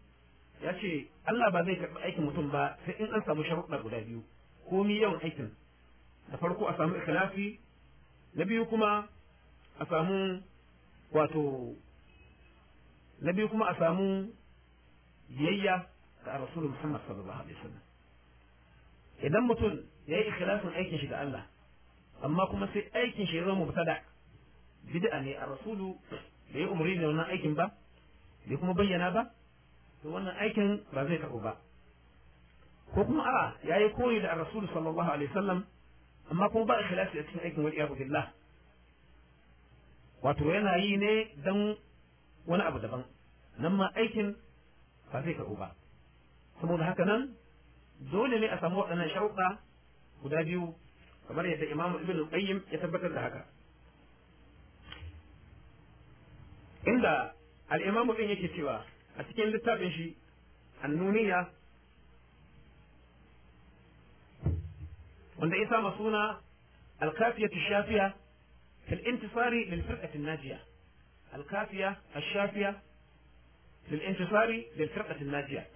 ya ce Allah ba zai karɓi aikin mutum ba sai in an samu sharuɗa guda biyu komi yawan aikin da farko a samu ikhlasi na biyu kuma a samu wato na biyu kuma a samu biyayya ga rasulu muhammad sallallahu alaihi wasallam idan mutum ya yi ikhlasin aikin shi ga Allah amma kuma sai aikin shi ya zama mubtada bid'a ne a rasulu bai umri da wannan aikin ba bai kuma bayyana ba to wannan aikin ba zai tabo ba ko kuma a yayi koyi da rasulu sallallahu alaihi wasallam amma kuma ba ikhlasi a cikin aikin wal iyadu billah wato yana yi ne don wani abu daban nan ma aikin ba zai karɓu ba saboda haka nan dole ne a samu waɗannan shauƙa guda biyu kamar yadda imamu ibn qayyim ya tabbatar da haka inda al'imamu ɗin yake cewa a cikin littafin shi annuniya wanda ya sama suna al-kafiyatu shafiya في الانتصار للفرقة الناجية الكافية الشافية للانتصار للفرقة الناجية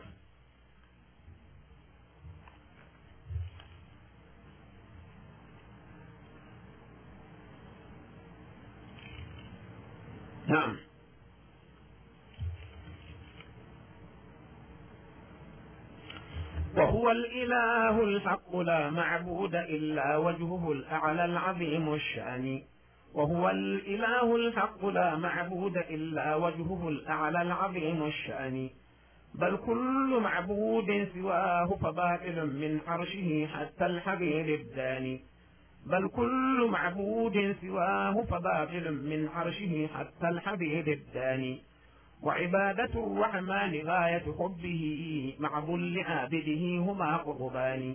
نعم وهو الإله الحق لا معبود إلا وجهه الأعلى العظيم الشأن وهو الإله الحق لا معبود إلا وجهه الأعلى العظيم الشأن بل كل معبود سواه فباطل من عرشه حتى الحبيب الداني بل كل معبود سواه فباطل من عرشه حتى الحبيب الداني وعبادة الرحمن غاية حبه مع ذل عابده هما قربان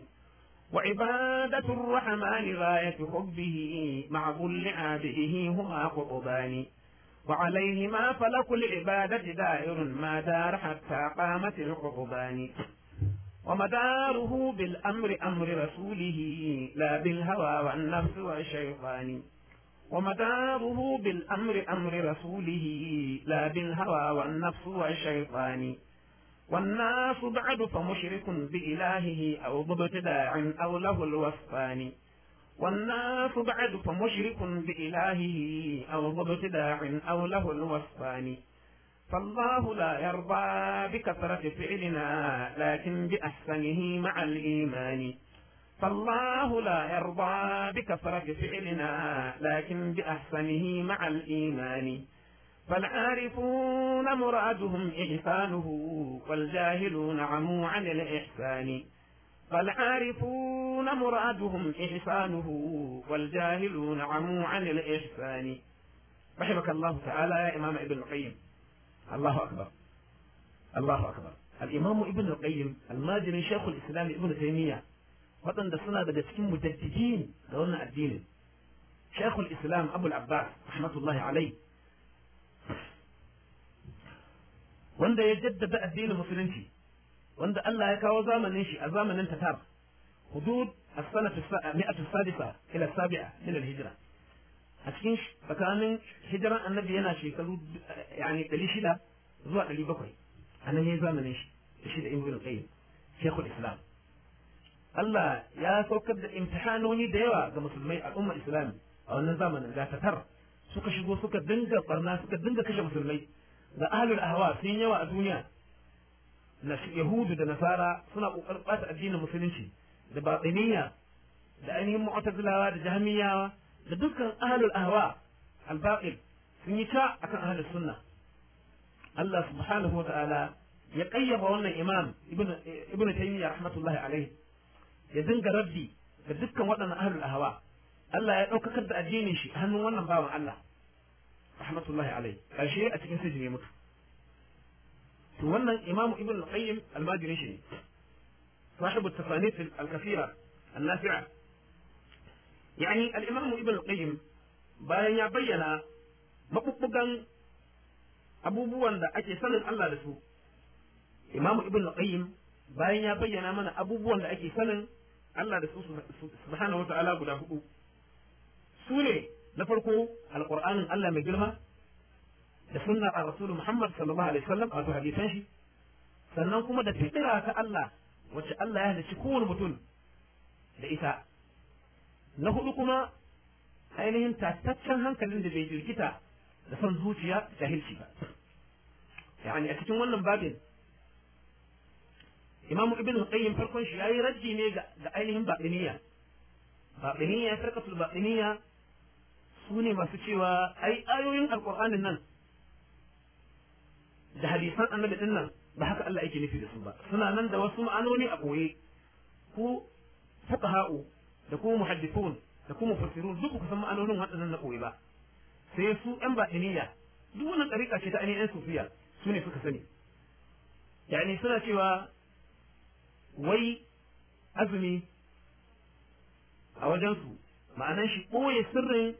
وعبادة الرحمن غاية حبه مع كل عابده هما قطبان وعليهما فلك العبادة دائر ما دار حتى قامت القطبان ومداره بالأمر أمر رسوله لا بالهوى والنفس والشيطان ومداره بالأمر أمر رسوله لا بالهوى والنفس والشيطان والناس بعد فمشرك بإلهه أو مبتداع أو له الوصفان والناس بعد فمشرك بإلهه أو مبتداع أو له الوصفان فالله لا يرضى بكثرة فعلنا لكن بأحسنه مع الإيمان فالله لا يرضى بكثرة فعلنا لكن بأحسنه مع الإيمان فالعارفون مرادهم إحسانه والجاهلون عموا عن الإحسان فالعارفون مرادهم إحسانه والجاهلون عموا عن الإحسان رحمك الله تعالى يا إمام ابن القيم الله أكبر الله أكبر الإمام ابن القيم الماجري شيخ الإسلام ابن تيمية وطن دسنا بدسكين مجددين mujaddidin الدين شيخ الإسلام أبو العباس رحمة الله عليه wanda ya jaddada addinin musulunci wanda Allah ya kawo zamanin shi a zamanin tatar hudud a sanah as-mi'atu sadisa ila sabia min al-hijra a cikin tsakanin hijiran annabi yana shekaru yani shida zuwa a nan ya zamanin shi shi da ibn qayyim shaykhul islam Allah ya saukar da imtihanoni da yawa ga musulmai a ummar islam a wannan zamanin ga tatar suka shigo suka dinga barna suka dinga kashe musulmai da ahlul ahwa sun yawa a duniya na yahudu da nasara suna kokarin bata addinin musulunci da batiniya da ainihin mu'tazilawa da jahmiyawa da dukkan ahlul ahwa al-baqil sun yi ta akan ahlus sunna Allah subhanahu wa ta'ala ya kayyaba wannan imam ibnu taymiya rahmatullahi alaihi ya dinga raddi ga dukkan waɗannan ahlul ahwa Allah ya ɗaukakar da addinin shi hannun wannan bawan Allah rahmatullahi alai karshe a cikin sijin ya mutu to wannan imamu ibn al-qayyim al-majiri shi صاحب nafia yani al-imamu ibn al-qayyim bayan ya bayyana mabubbugan abubuwan da ake sanin Allah da su imamu Ibn Qayyim bayan ya bayyana mana abubuwan da ake sanin Allah da su subhanahu ta'ala guda hudu su ne na farko alƙuranin Allah mai girma da a rasul Muhammad sallallahu alaihi wasallam wato hadisan shi sannan kuma da fitira ta Allah wacce Allah ya halicci kowane mutum da ita na hudu kuma ainihin tattaccen hankalin da bai jirgita da son zuciya da hilci ba yani a cikin wannan babin imamu ibn qayyim farkon shi yayi raddi ne ga ainihin batiniya batiniya sarkatul batiniya su ne masu cewa ai ayoyin alƙur'anin nan da hadisan annabi din nan ba haka Allah yake nufi da su ba suna nan da wasu ma'anoni a koye ko fuqaha'u da kuma muhaddithun da kuma mufassirun duk ku san ma'anonin waɗannan na koye ba sai su ɗan batiniya duk wannan ɗariƙa ce ta ainihin sufiya su ne suka sani yani suna cewa wai azumi a wajensu ma'anan shi ɓoye sirrin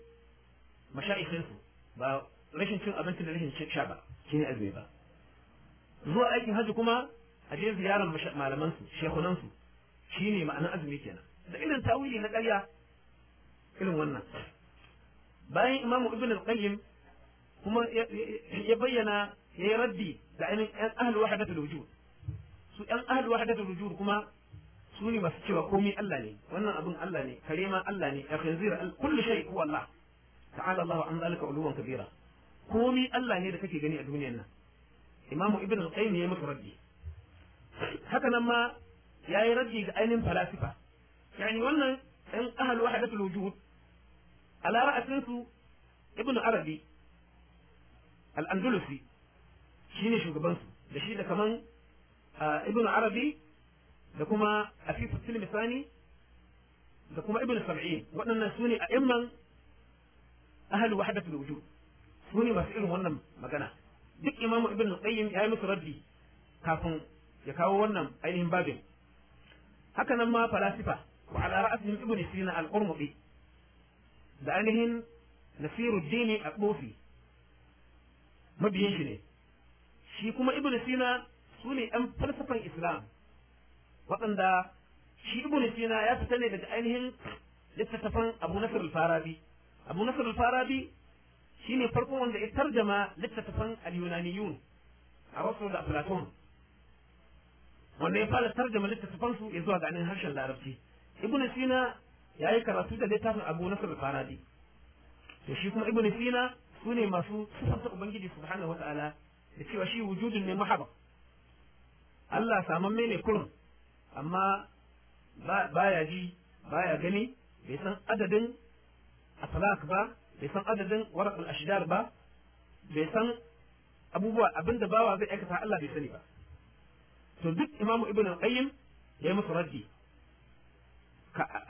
mashayikinsu ba rashin cin abinci da rashin sha ba shi ne azumi ba zuwa aikin hajji kuma a je ziyarar malamansu shekunansu shi ne ma'anar azumi kenan da irin tawili na ƙarya irin wannan bayan imamu ibn al-qayyim kuma ya bayyana ya yi raddi da ainihin yan ahlul wahdatul wujud su yan ahlul wahdatul wujud kuma su ne masu cewa komai Allah ne wannan abin Allah ne kare ma Allah ne akhir kullu shay huwa Allah تعالى الله عن ذلك علوا كبيرا قومي الله ني دكاكي غني ا دنيا امام ابن القيم ني مك حتى لما يا ردي ga فلاسفة يعني yani wannan ان اهل وحده الوجود على راسه ابن عربي الاندلسي شيني شو كبنسو ده كمان آه، ابن عربي لكما كما اسيف السلم الثاني لكما ابن سبعين وانا سوني ائمه ahli wahdatul wujud su ne masu irin wannan magana duk imamu ibn qayyim ya yi musu raddi kafin ya kawo wannan ainihin babin haka nan ma falasifa wa ala ra'asihim ibn sina al da ainihin nasiruddin al-qufi mabiyin shi ne shi kuma ibn sina su ne ɗan falsafan islam waɗanda shi ibn sina ya fita ne daga ainihin littattafan abu nasir al-farabi abu nasar al-farabi ne farkon wanda ya tarjama littattafan al-yunaniyun a wasu da platon wanda ya fara tarjama littattafan su ya zuwa ganin harshen larabci Ibn sina ya yi karatu da littafin abu nasar al-farabi to shi kuma ibnu sina su ne masu sifanta ubangiji subhanahu wataala da cewa shi wujudun ne mahaba Allah samamme ne kurum amma baya ji baya gani bai san adadin asalak ba bai san adadin warakul ashidar ba bai san abubuwa abinda bawa zai aikata Allah bai sani ba to duk imamu ibn al-qayyim ya yi musu raddi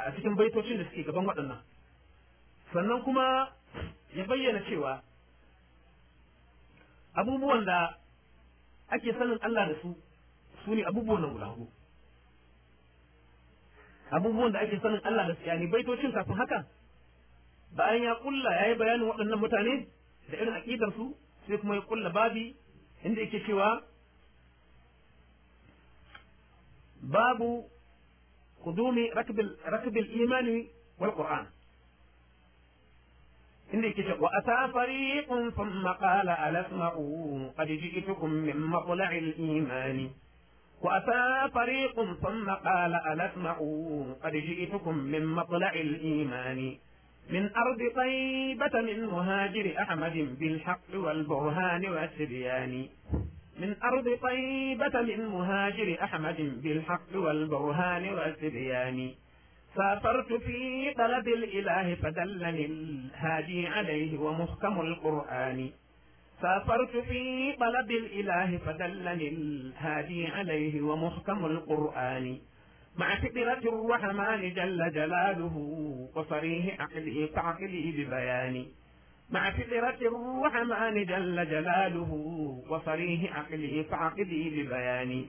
a cikin baitocin da suke gaban waɗannan sannan kuma ya bayyana cewa abubuwan da ake sanin Allah da su su ne abubuwan nan guda abubuwan da ake sanin Allah da su yani baitocin kafin haka bayan ya kulla yayi bayanin waɗannan mutane da irin aqidar su sai kuma ya kulla babi inda yake cewa babu kudumi rakbil rakbil imani wal qur'an inda yake cewa asa fariqun thumma qala alasma'u qad ji'tukum min maqla'il imani وأتى فريق ثم قال ألسمعوا قد جئتكم من مطلع الإيمان من أرض طيبة من مهاجر أحمد بالحق والبرهان والسبيان من أرض طيبة من مهاجر أحمد بالحق والبرهان والسبيان سافرت في طلب الإله فدلني الهادي عليه ومحكم القرآن سافرت في طلب الإله فدلني الهادي عليه ومحكم القرآن مع كبرة الرحمن جل جلاله وصريح عقلي تعقلي ببياني مع فطرة الرحمن جل جلاله وصريح عقلي تعقلي ببياني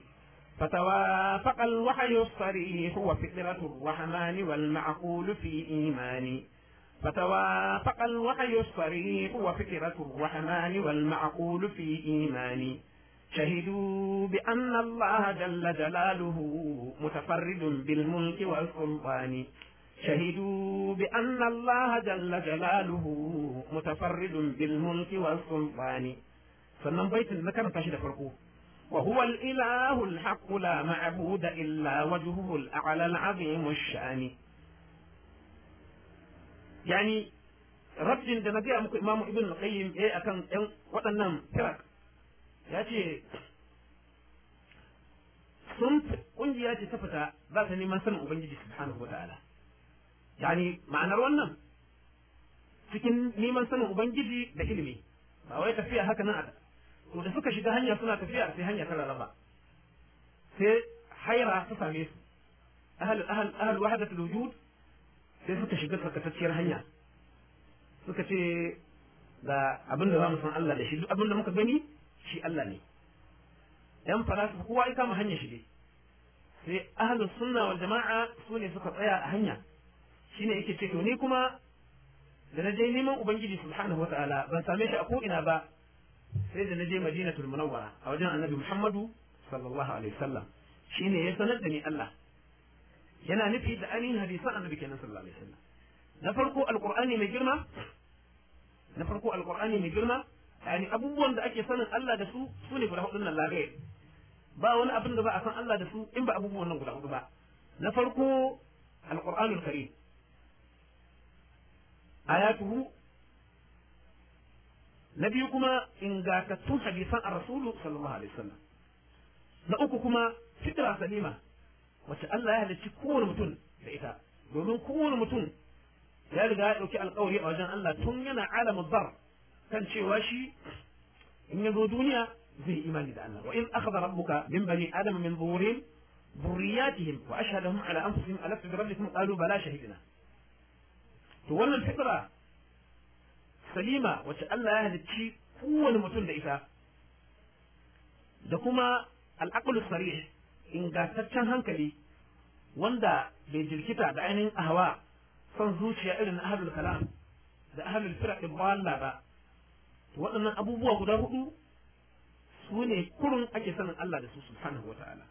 فتوافق الوحي الصريح وفكرة الرحمن والمعقول في إيماني فتوافق الوحي الصريح وفكرة الرحمن والمعقول في إيماني شهدوا بأن الله جل جلاله متفرد بالملك والسلطان شهدوا بأن الله جل جلاله متفرد بالملك والسلطان فنم بيت المكان تشهد فرقه وهو الإله الحق لا معبود إلا وجهه الأعلى العظيم الشان يعني رب جندنا دي إمام ابن القيم إيه أكن وطنم فرق ya ce sun kungiya ce ta fita za ta neman sanin ubangiji subhanahu wataala yani ma'anar wannan cikin neman sanin ubangiji da ilimi ba wai tafiya haka nan a to da suka shiga hanya suna tafiya sai hanya ta rarraba sai haira ta same su ahal ahal ahal wahdatul wujud sai suka shiga tsakatacciyar hanya suka ce da abin da za mu san Allah da shi duk abin da muka gani shi Allah ne yan falasifa kowa ya kama hanyar shige sai ahlus sunna wal jama'a su ne suka tsaya a hanya shine yake ce to ni kuma da na je neman ubangiji subhanahu wataala ban same shi a ko ina ba sai da na je madinatul munawwara a wajen annabi muhammadu sallallahu alaihi wasallam shine ya sanar da ni Allah yana nufi da ainihin hadisan annabi kenan sallallahu alaihi wasallam na farko alqur'ani mai girma na farko alqur'ani mai girma yani abubuwan da ake sanin Allah da su su ne guda hudun nan lagaye ba wani abin da ba a san Allah da su in ba abubuwan nan guda hudu ba na farko alqur'anul karim ayatuhu na biyu kuma ingantattun hadisan ar-rasulu sallallahu alaihi wasallam na uku kuma fitra salima wacce Allah ya halicci kowane mutum da ita domin kowane mutum ya riga ya dauki alƙawari a wajen Allah tun yana alamin bar kan cewa shi in ya zo duniya zai imani da Allah wa in akhadha rabbuka min bani adama min zuhurin ذرياتهم واشهدهم على انفسهم الست بربكم قالوا بلا شهدنا to wannan fitra salima wacce Allah ya halicci kowane mutum da ita da kuma al'aqlu sarih ingantaccen hankali wanda bai jirkita da ainihin ahwa son zuciya irin ahlul kalam da ahlul fira iballa ba waɗannan abubuwa guda hudu su ne kurun ake sanin Allah da su subhanahu wa ta'ala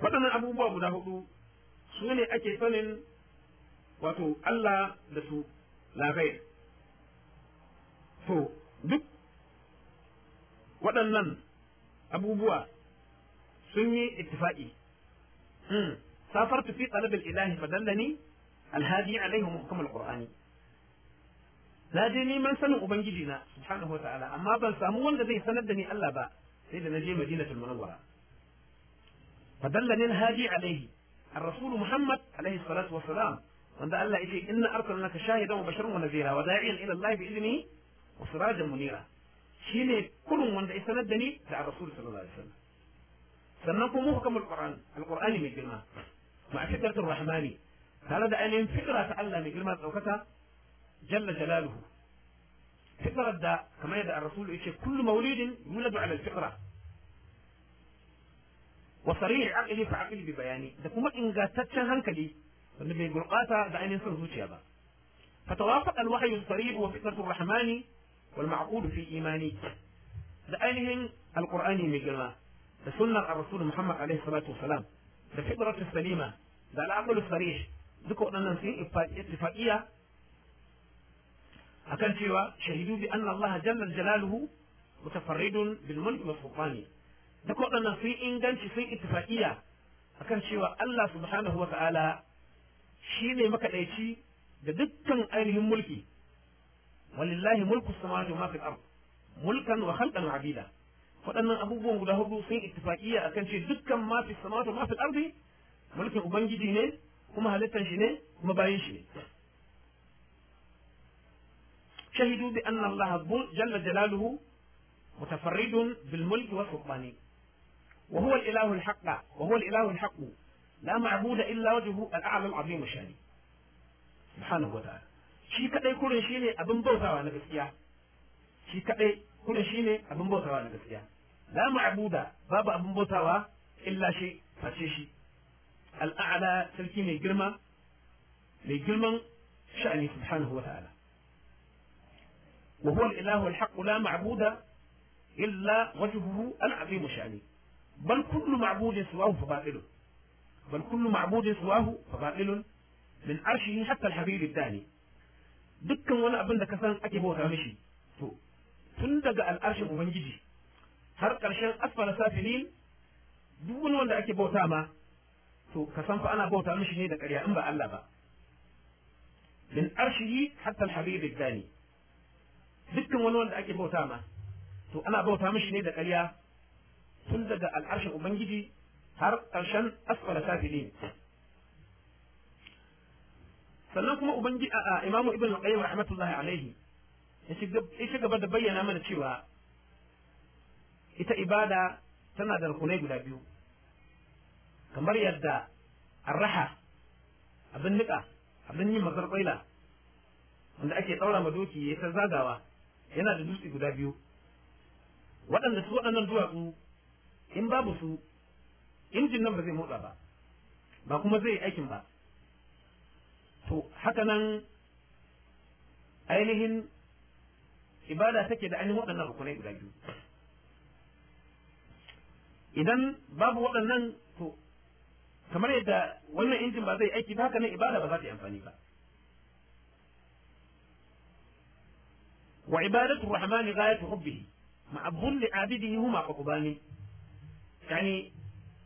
waɗannan abubuwa guda hudu su ne ake sanin wato Allah da su lafayar. to duk waɗannan abubuwa sun yi ittifaƙi hmm. سافرت في طلب الإله فدلني الهادي عليه محكم القرآن لا ديني من سنة أبنجينا سبحانه وتعالى أما بل ban الذي سندني ألا با سيد نجي مدينة المنورة فدلني الهادي عليه الرسول محمد عليه الصلاة والسلام وأن الله يقول إن أرسلناك شاهدا وبشرا ونذيرا وداعيا إلى الله بإذنه وسراجا منيرا شيني كل من سندني على الرسول صلى الله عليه وسلم سنكم محكم القرآن القرآن من جنة مع معتقد الرحماني هذا ده ان فكرة تعلم كلمة أوكتا جل جلاله فكرة ده كما يدعى الرسول إيشي كل موليد يولد على الفكرة وصريح عقلي فعقلي ببياني ده كما إن قاتتش هنك لي النبي يقول قاتا ده ان ينصر زوتي هذا فتوافق الوحي الصريح وفكرة الرحمن والمعقول في إيماني ده أنهن القرآن من جلاله السنة الرسول محمد عليه الصلاة والسلام da fibratu salima da al'aqlu sarih duka waɗannan sun ittifaqiya akan cewa shahidu bi anna Allah jalla jalaluhu mutafarridun bil mulki wa sultani duka waɗannan sun inganci sun ittifaqiya akan cewa Allah subhanahu wa ta'ala shine makaɗaici da dukkan ainihin mulki walillahi mulku samawati wa ma fil ard mulkan wa khalqan wa abida waɗannan abubuwan guda hudu sun ittifaqiya akan ce dukkan ma fi samawa samawati ma fi ardi mulkin ubangiji ne kuma halittar shi ne kuma bayan shi ne shahidu bi anna allaha jalla jalaluhu mutafarridun bil mulki wa sulmani wa huwa al ilahu al haqqa wa huwa al ilahu al haqqu la ma'budu illa wajhu al a'la al azim shani subhanahu wa ta'ala shi kadai kurin shine abin bautawa na gaskiya shi kadai kuma shine abin bautawa na gaskiya la ma'buda babu abin bautawa illa shi face shi al'a'la sarki mai girma mai girman sha'ani subhanahu wa ta'ala wa huwa al-ilahu al-haqq la ma'buda illa wajhuhu al-'azim sha'ani bal kullu ma'budin siwahu fa batilun بل كل معبود سواه فباطل من عرشه حتى الحبيب الثاني dukkan wani abin da ka san ake bauta mishi to tun daga al'arshin ubangiji har ƙarshen asfala safilin duk wani wanda ake bauta ma to ka san fa ana bauta mishi ne da ƙarya in ba Allah ba min arshihi hatta al-habib al dani dukkan wani wanda ake bauta ma to ana bauta mishi ne da ƙarya tun daga al'arshin ubangiji har ƙarshen asfala safilin sannan kuma Ubangiji a imamu ibn qayyim rahmatullahi alaihi ya ci gaba da bayyana mana cewa ita ibada tana da rukunai guda biyu kamar yadda arraha abin nika abin yin ƙwaila wanda ake ɗaura ma doki ya ta zagawa yana da dutse guda biyu waɗanda su waɗannan duwatsu in babu su injin nan ba zai motsa ba ba kuma zai yi aikin ba to haka nan ainihin ibada take da ainihin waɗannan rukunai guda biyu idan babu waɗannan to kamar yadda wannan injin ba zai aiki ba haka nan ibada ba za ta yi amfani ba wa ibadatu rahmani ghayatu hubbihi ma'abbun li abidihi huma qubani yani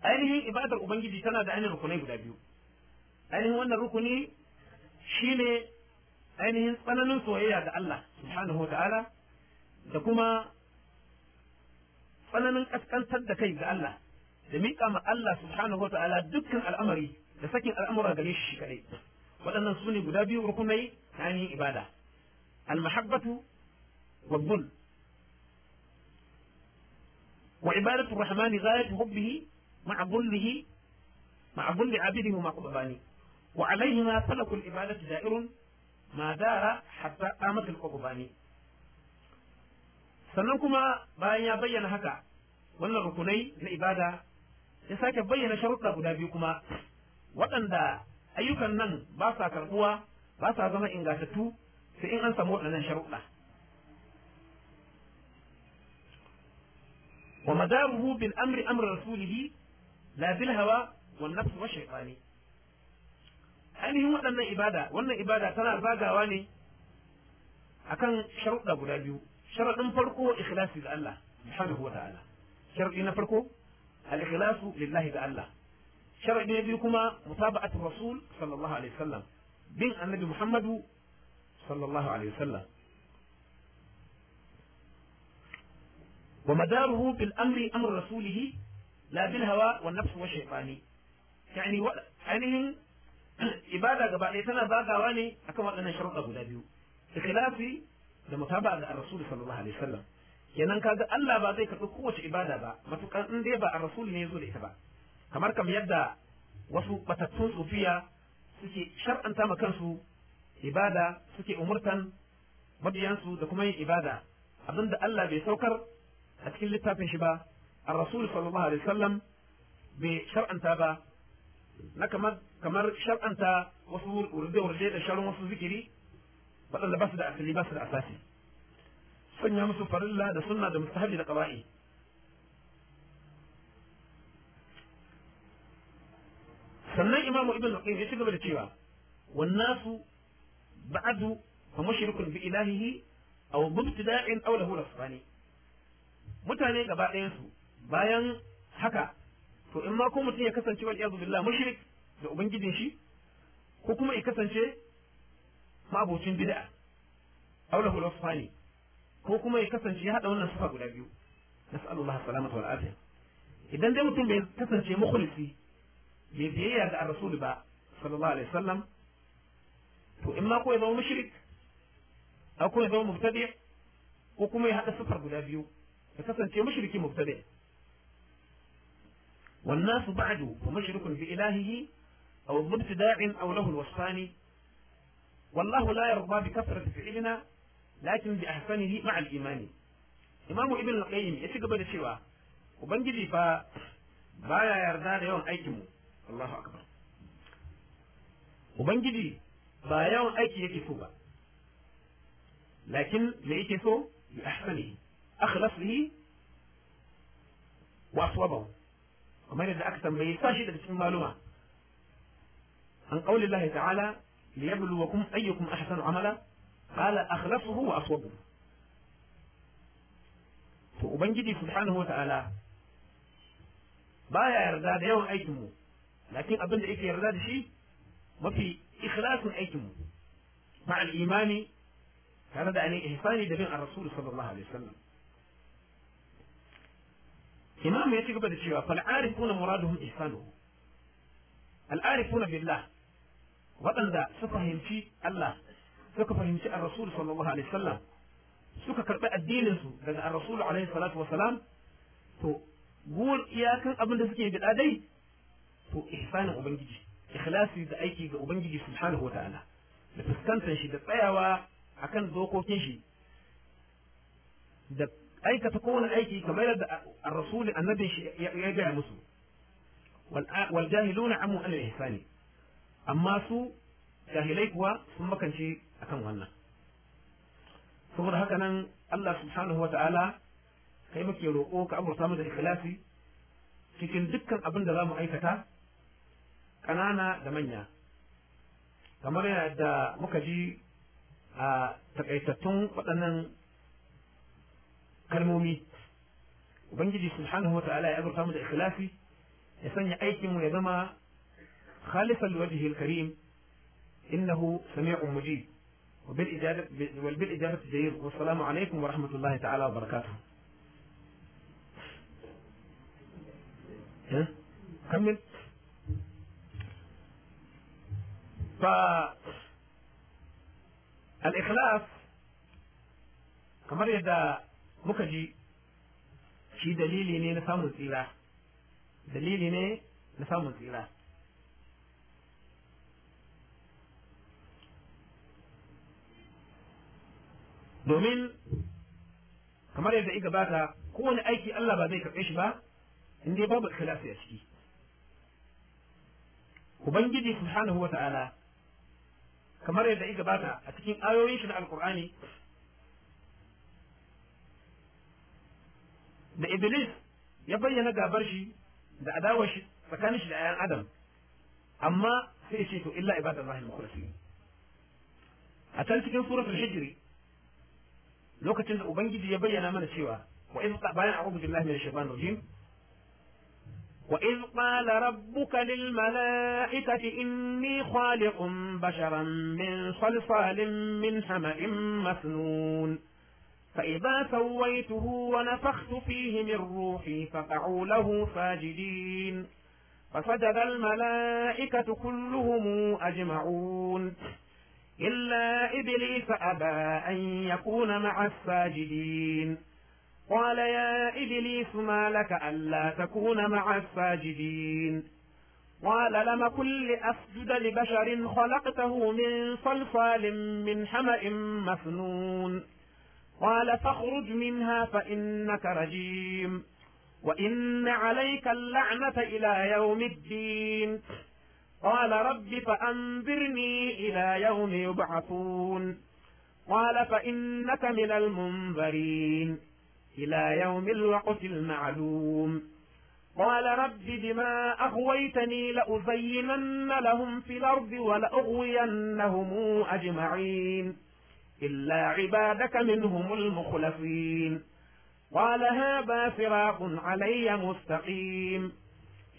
ainihin ibadar ubangiji tana da ainihin rukunai guda biyu ainihin wannan rukuni shine ainihin tsananin soyayya ga Allah subhanahu wa ta'ala da kuma tsananin ƙasƙantar da kai ga Allah da miƙa ma Allah subhanahu wa ta'ala dukkan al'amari da sakin al'amura gare shi kaɗai waɗannan su ne guda biyu rukunai na ainihin ibada al-mahabbatu wa dhul wa ibadatu rahmani ghayatu hubbihi ma'a dhullihi ma'a dhulli abidihi wa ma'a qurbani wa alayhima falakul ibadatu da'irun ma dara hatta qamatul qurbani sannan kuma bayan ya bayyana haka wannan rukunai na ibada ya sake bayyana sharuɗa guda biyu kuma waɗanda ayyukan nan ba sa karɓuwa ba sa zama ingantattu sai in an samu waɗannan sharuɗa wa madaruhu bil amri amri rasulihi la bil hawa wan nafs wa shaytani ainihin waɗannan ibada wannan ibada tana zagawa ne akan sharuɗa guda biyu sharaɗin farko ikhlasi ga Allah subhanahu wa ta'ala sharaɗi na farko al-ikhlasu lillahi ga Allah sharaɗi na biyu kuma mutaba'atu rasul sallallahu alaihi wasallam bin annabi Muhammadu sallallahu alaihi wasallam ومداره بالأمر أمر رسوله لا بالهوى والنفس والشيطان يعني أنهم ibada gaba ɗaya tana zagawa ne akan waɗannan sharuɗa guda biyu ikhlasi da mutaba ga rasul sallallahu alaihi wasallam kenan kaga Allah ba zai karɓi kowace ibada ba matukan in dai ba a rasul ne zo da ita ba kamar kam yadda wasu batattun sufiya suke shar'anta ma kansu ibada suke umurtan mabiyansu da kuma yin ibada abinda Allah bai saukar a cikin littafin shi ba ar-rasul sallallahu alaihi wasallam bai shar'anta ba na kamar kamar shar'anta wasu urde-urde da sharon wasu zikiri waɗanda ba su da asali ba su da asasi sanya musu farilla da sunna da mustahabi da qawa'i sannan imamu ibn al-qayyim ya ci da cewa wannasu ba'adu fa mushrikun bi ilahihi aw mubtada'in aw lahu rasulani mutane gaba ɗayan su bayan haka to in ma ko mutum ya kasance wal iyadu billah mushrik da ubangijin shi ko kuma ya kasance mabocin bid'a aula hulafa ne ko kuma ya kasance ya hada wannan sifa guda biyu nas'alullah salamata wa afiya idan dai mutum bai kasance mukhlisi bai biyayya ga rasul ba sallallahu alaihi wasallam to in ma ko ya zama mushrik a ko ya zama mubtadi ko kuma ya hada sufar guda biyu ya kasance mushriki mubtadi والناس بعد ومشرك بإلهه أو داع أو له الوصفان والله لا يرضى بكثرة فعلنا لكن بأحسنه مع الإيمان إمام ابن القيم يتقب لسوا وبنجدي ف بايا يرضى يوم أيكم الله أكبر وبنجدي بايا يوم أيكي يتفوبا لكن ليتفو بأحسنه أخلص له وأصوبه ومن يرضى أكثر من يستشهد بسم المعلومة عن قول الله تعالى ليبلوكم أيكم أحسن عملا قال أخلصه وأصوبه فأبنجدي سبحانه وتعالى با يرداد يوم أيتمو لكن أبن إيك يرداد شيء ما في إخلاص أيتمو مع الإيمان كان ده أني يعني إحساني دبين الرسول صلى الله عليه وسلم إمام يتقبل شيء فالعارفون مرادهم إحسانه العارفون بالله waɗanda suka fahimci Allah suka fahimci ar-rasul sallallahu alaihi wasallam suka karɓi addinin su daga ar-rasul alaihi salatu wasalam to guwar iyakan abin da suke bida dai to ihsanin ubangiji ikhlasi da aiki ga ubangiji subhanahu wataala da fuskantar shi da tsayawa akan dokokin shi da aikata kowane aiki kamar yadda ar-rasul annabin shi ya gaya musu wal jahiluna amu an ihsani amma su jahilai kuwa sun makance akan wannan saboda haka nan Allah subhanahu wa ta'ala kai muke roƙo ka amurta mu da ikhlasi cikin dukkan abin da za mu aikata ƙanana da manya kamar yadda muka ji a takaitattun waɗannan kalmomi ubangiji subhanahu wa ta'ala ya amurta mu da ikhlasi ya sanya aikinmu ya zama خالصا لوجهه الكريم إنه سميع مجيب وبالإجابة وبالإجابة والسلام عليكم ورحمة الله تعالى وبركاته إيه؟ كمل فالإخلاص kamar yadda muka ji shi dalili ne na samun tsira dalili ne na domin kamar yadda iga bata kowane aiki Allah ba zai karɓe shi ba in dai babu ikhlasi a ciki ubangiji subhanahu wa ta'ala kamar yadda iga bata a cikin ayoyin shi na alqur'ani da iblis ya bayyana gabar shi da adawar shi tsakanin shi da ayan adam amma sai ce to illa ibadallahi rahim mukhlasin a can cikin suratul hijri lokacin da ubangiji ya bayyana mana cewa wa iz bayan a'udhu billahi minash shaitanir rajim wa iz qala rabbuka lil mala'ikati inni khaliqun basharan min salsalin min hama'in masnun فإذا سويته ونفخت فيه من روحي فقعوا له ساجدين فسجد الملائكة كلهم أجمعون إلا إبليس أبى أن يكون مع الساجدين قال يا إبليس ما لك ألا تكون مع الساجدين قال لم كن لأسجد لبشر خلقته من صلصال من حمأ مسنون قال فاخرج منها فإنك رجيم وإن عليك اللعنة إلى يوم الدين قال رب فأنذرني إلى يوم يبعثون قال فإنك من المنذرين إلى يوم الوقت المعلوم قال رب بما أغويتني لأزينن لهم في الأرض ولأغوينهم أجمعين إلا عبادك منهم المخلفين قال هذا فراق علي مستقيم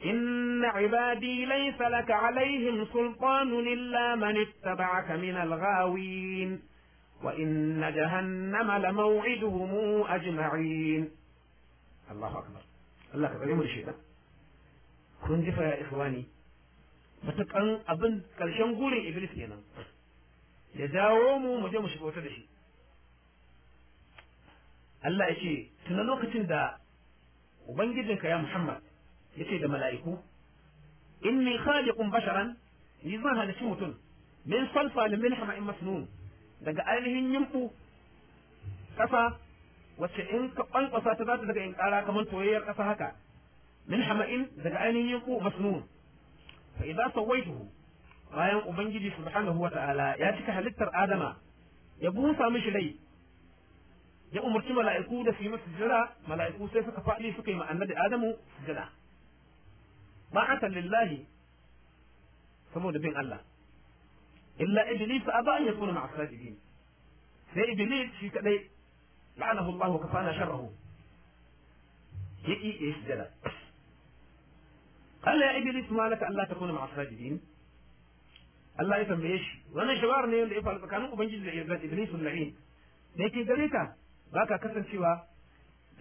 إن عبادي ليس لك عليهم سلطان إلا من اتبعك من الغاوين وإن جهنم لموعدهم أجمعين الله أكبر الله أكبر يوم الشيطة كن جفا يا إخواني متك أن أبن كان شنقول إبليس ينا يداومو مجمش بوتدشي الله يشي تنلوك تندا وبنجدنك يا محمد yace da mala'iku inni khaliqun basharan ni zan halici mutum min salsalin min hama'in masnun daga ainihin yimbu kasa wacce in ka kwankwasa ta zata daga in kara kamar toyayyar kasa haka min hama'in daga ainihin yimbu masnun fa idza sawaituhu bayan ubangiji subhanahu wa ta'ala ya cika halittar adama ya busa mishi rai ya umarci mala'iku da su yi masa jira mala'iku sai suka faɗi suka yi ma'annabi adamu jira ba'atan لله kamo da bin Allah illa iblis aba an yakuna ma'a sajidin sai iblis shi kadai la'anahu Allah wa kafana sharruhu yi isjada قال يا ابليس ما لك الا تكون مع الساجدين الله يفهم ليش وانا شوار نيم اللي يفعل كانوا وبنجي زي ابليس اللعين لكن ذلك ذاك كسر سوى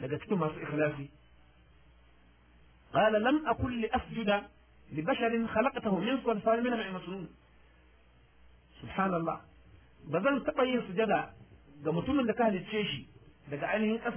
لقد كنت مع اخلاصي قال لم أكن لأسجد لبشر خلقته من صلصال من نبع مسنون سبحان الله بذل تقيه سجدا دمتم لك أهل تشيشي لك أهل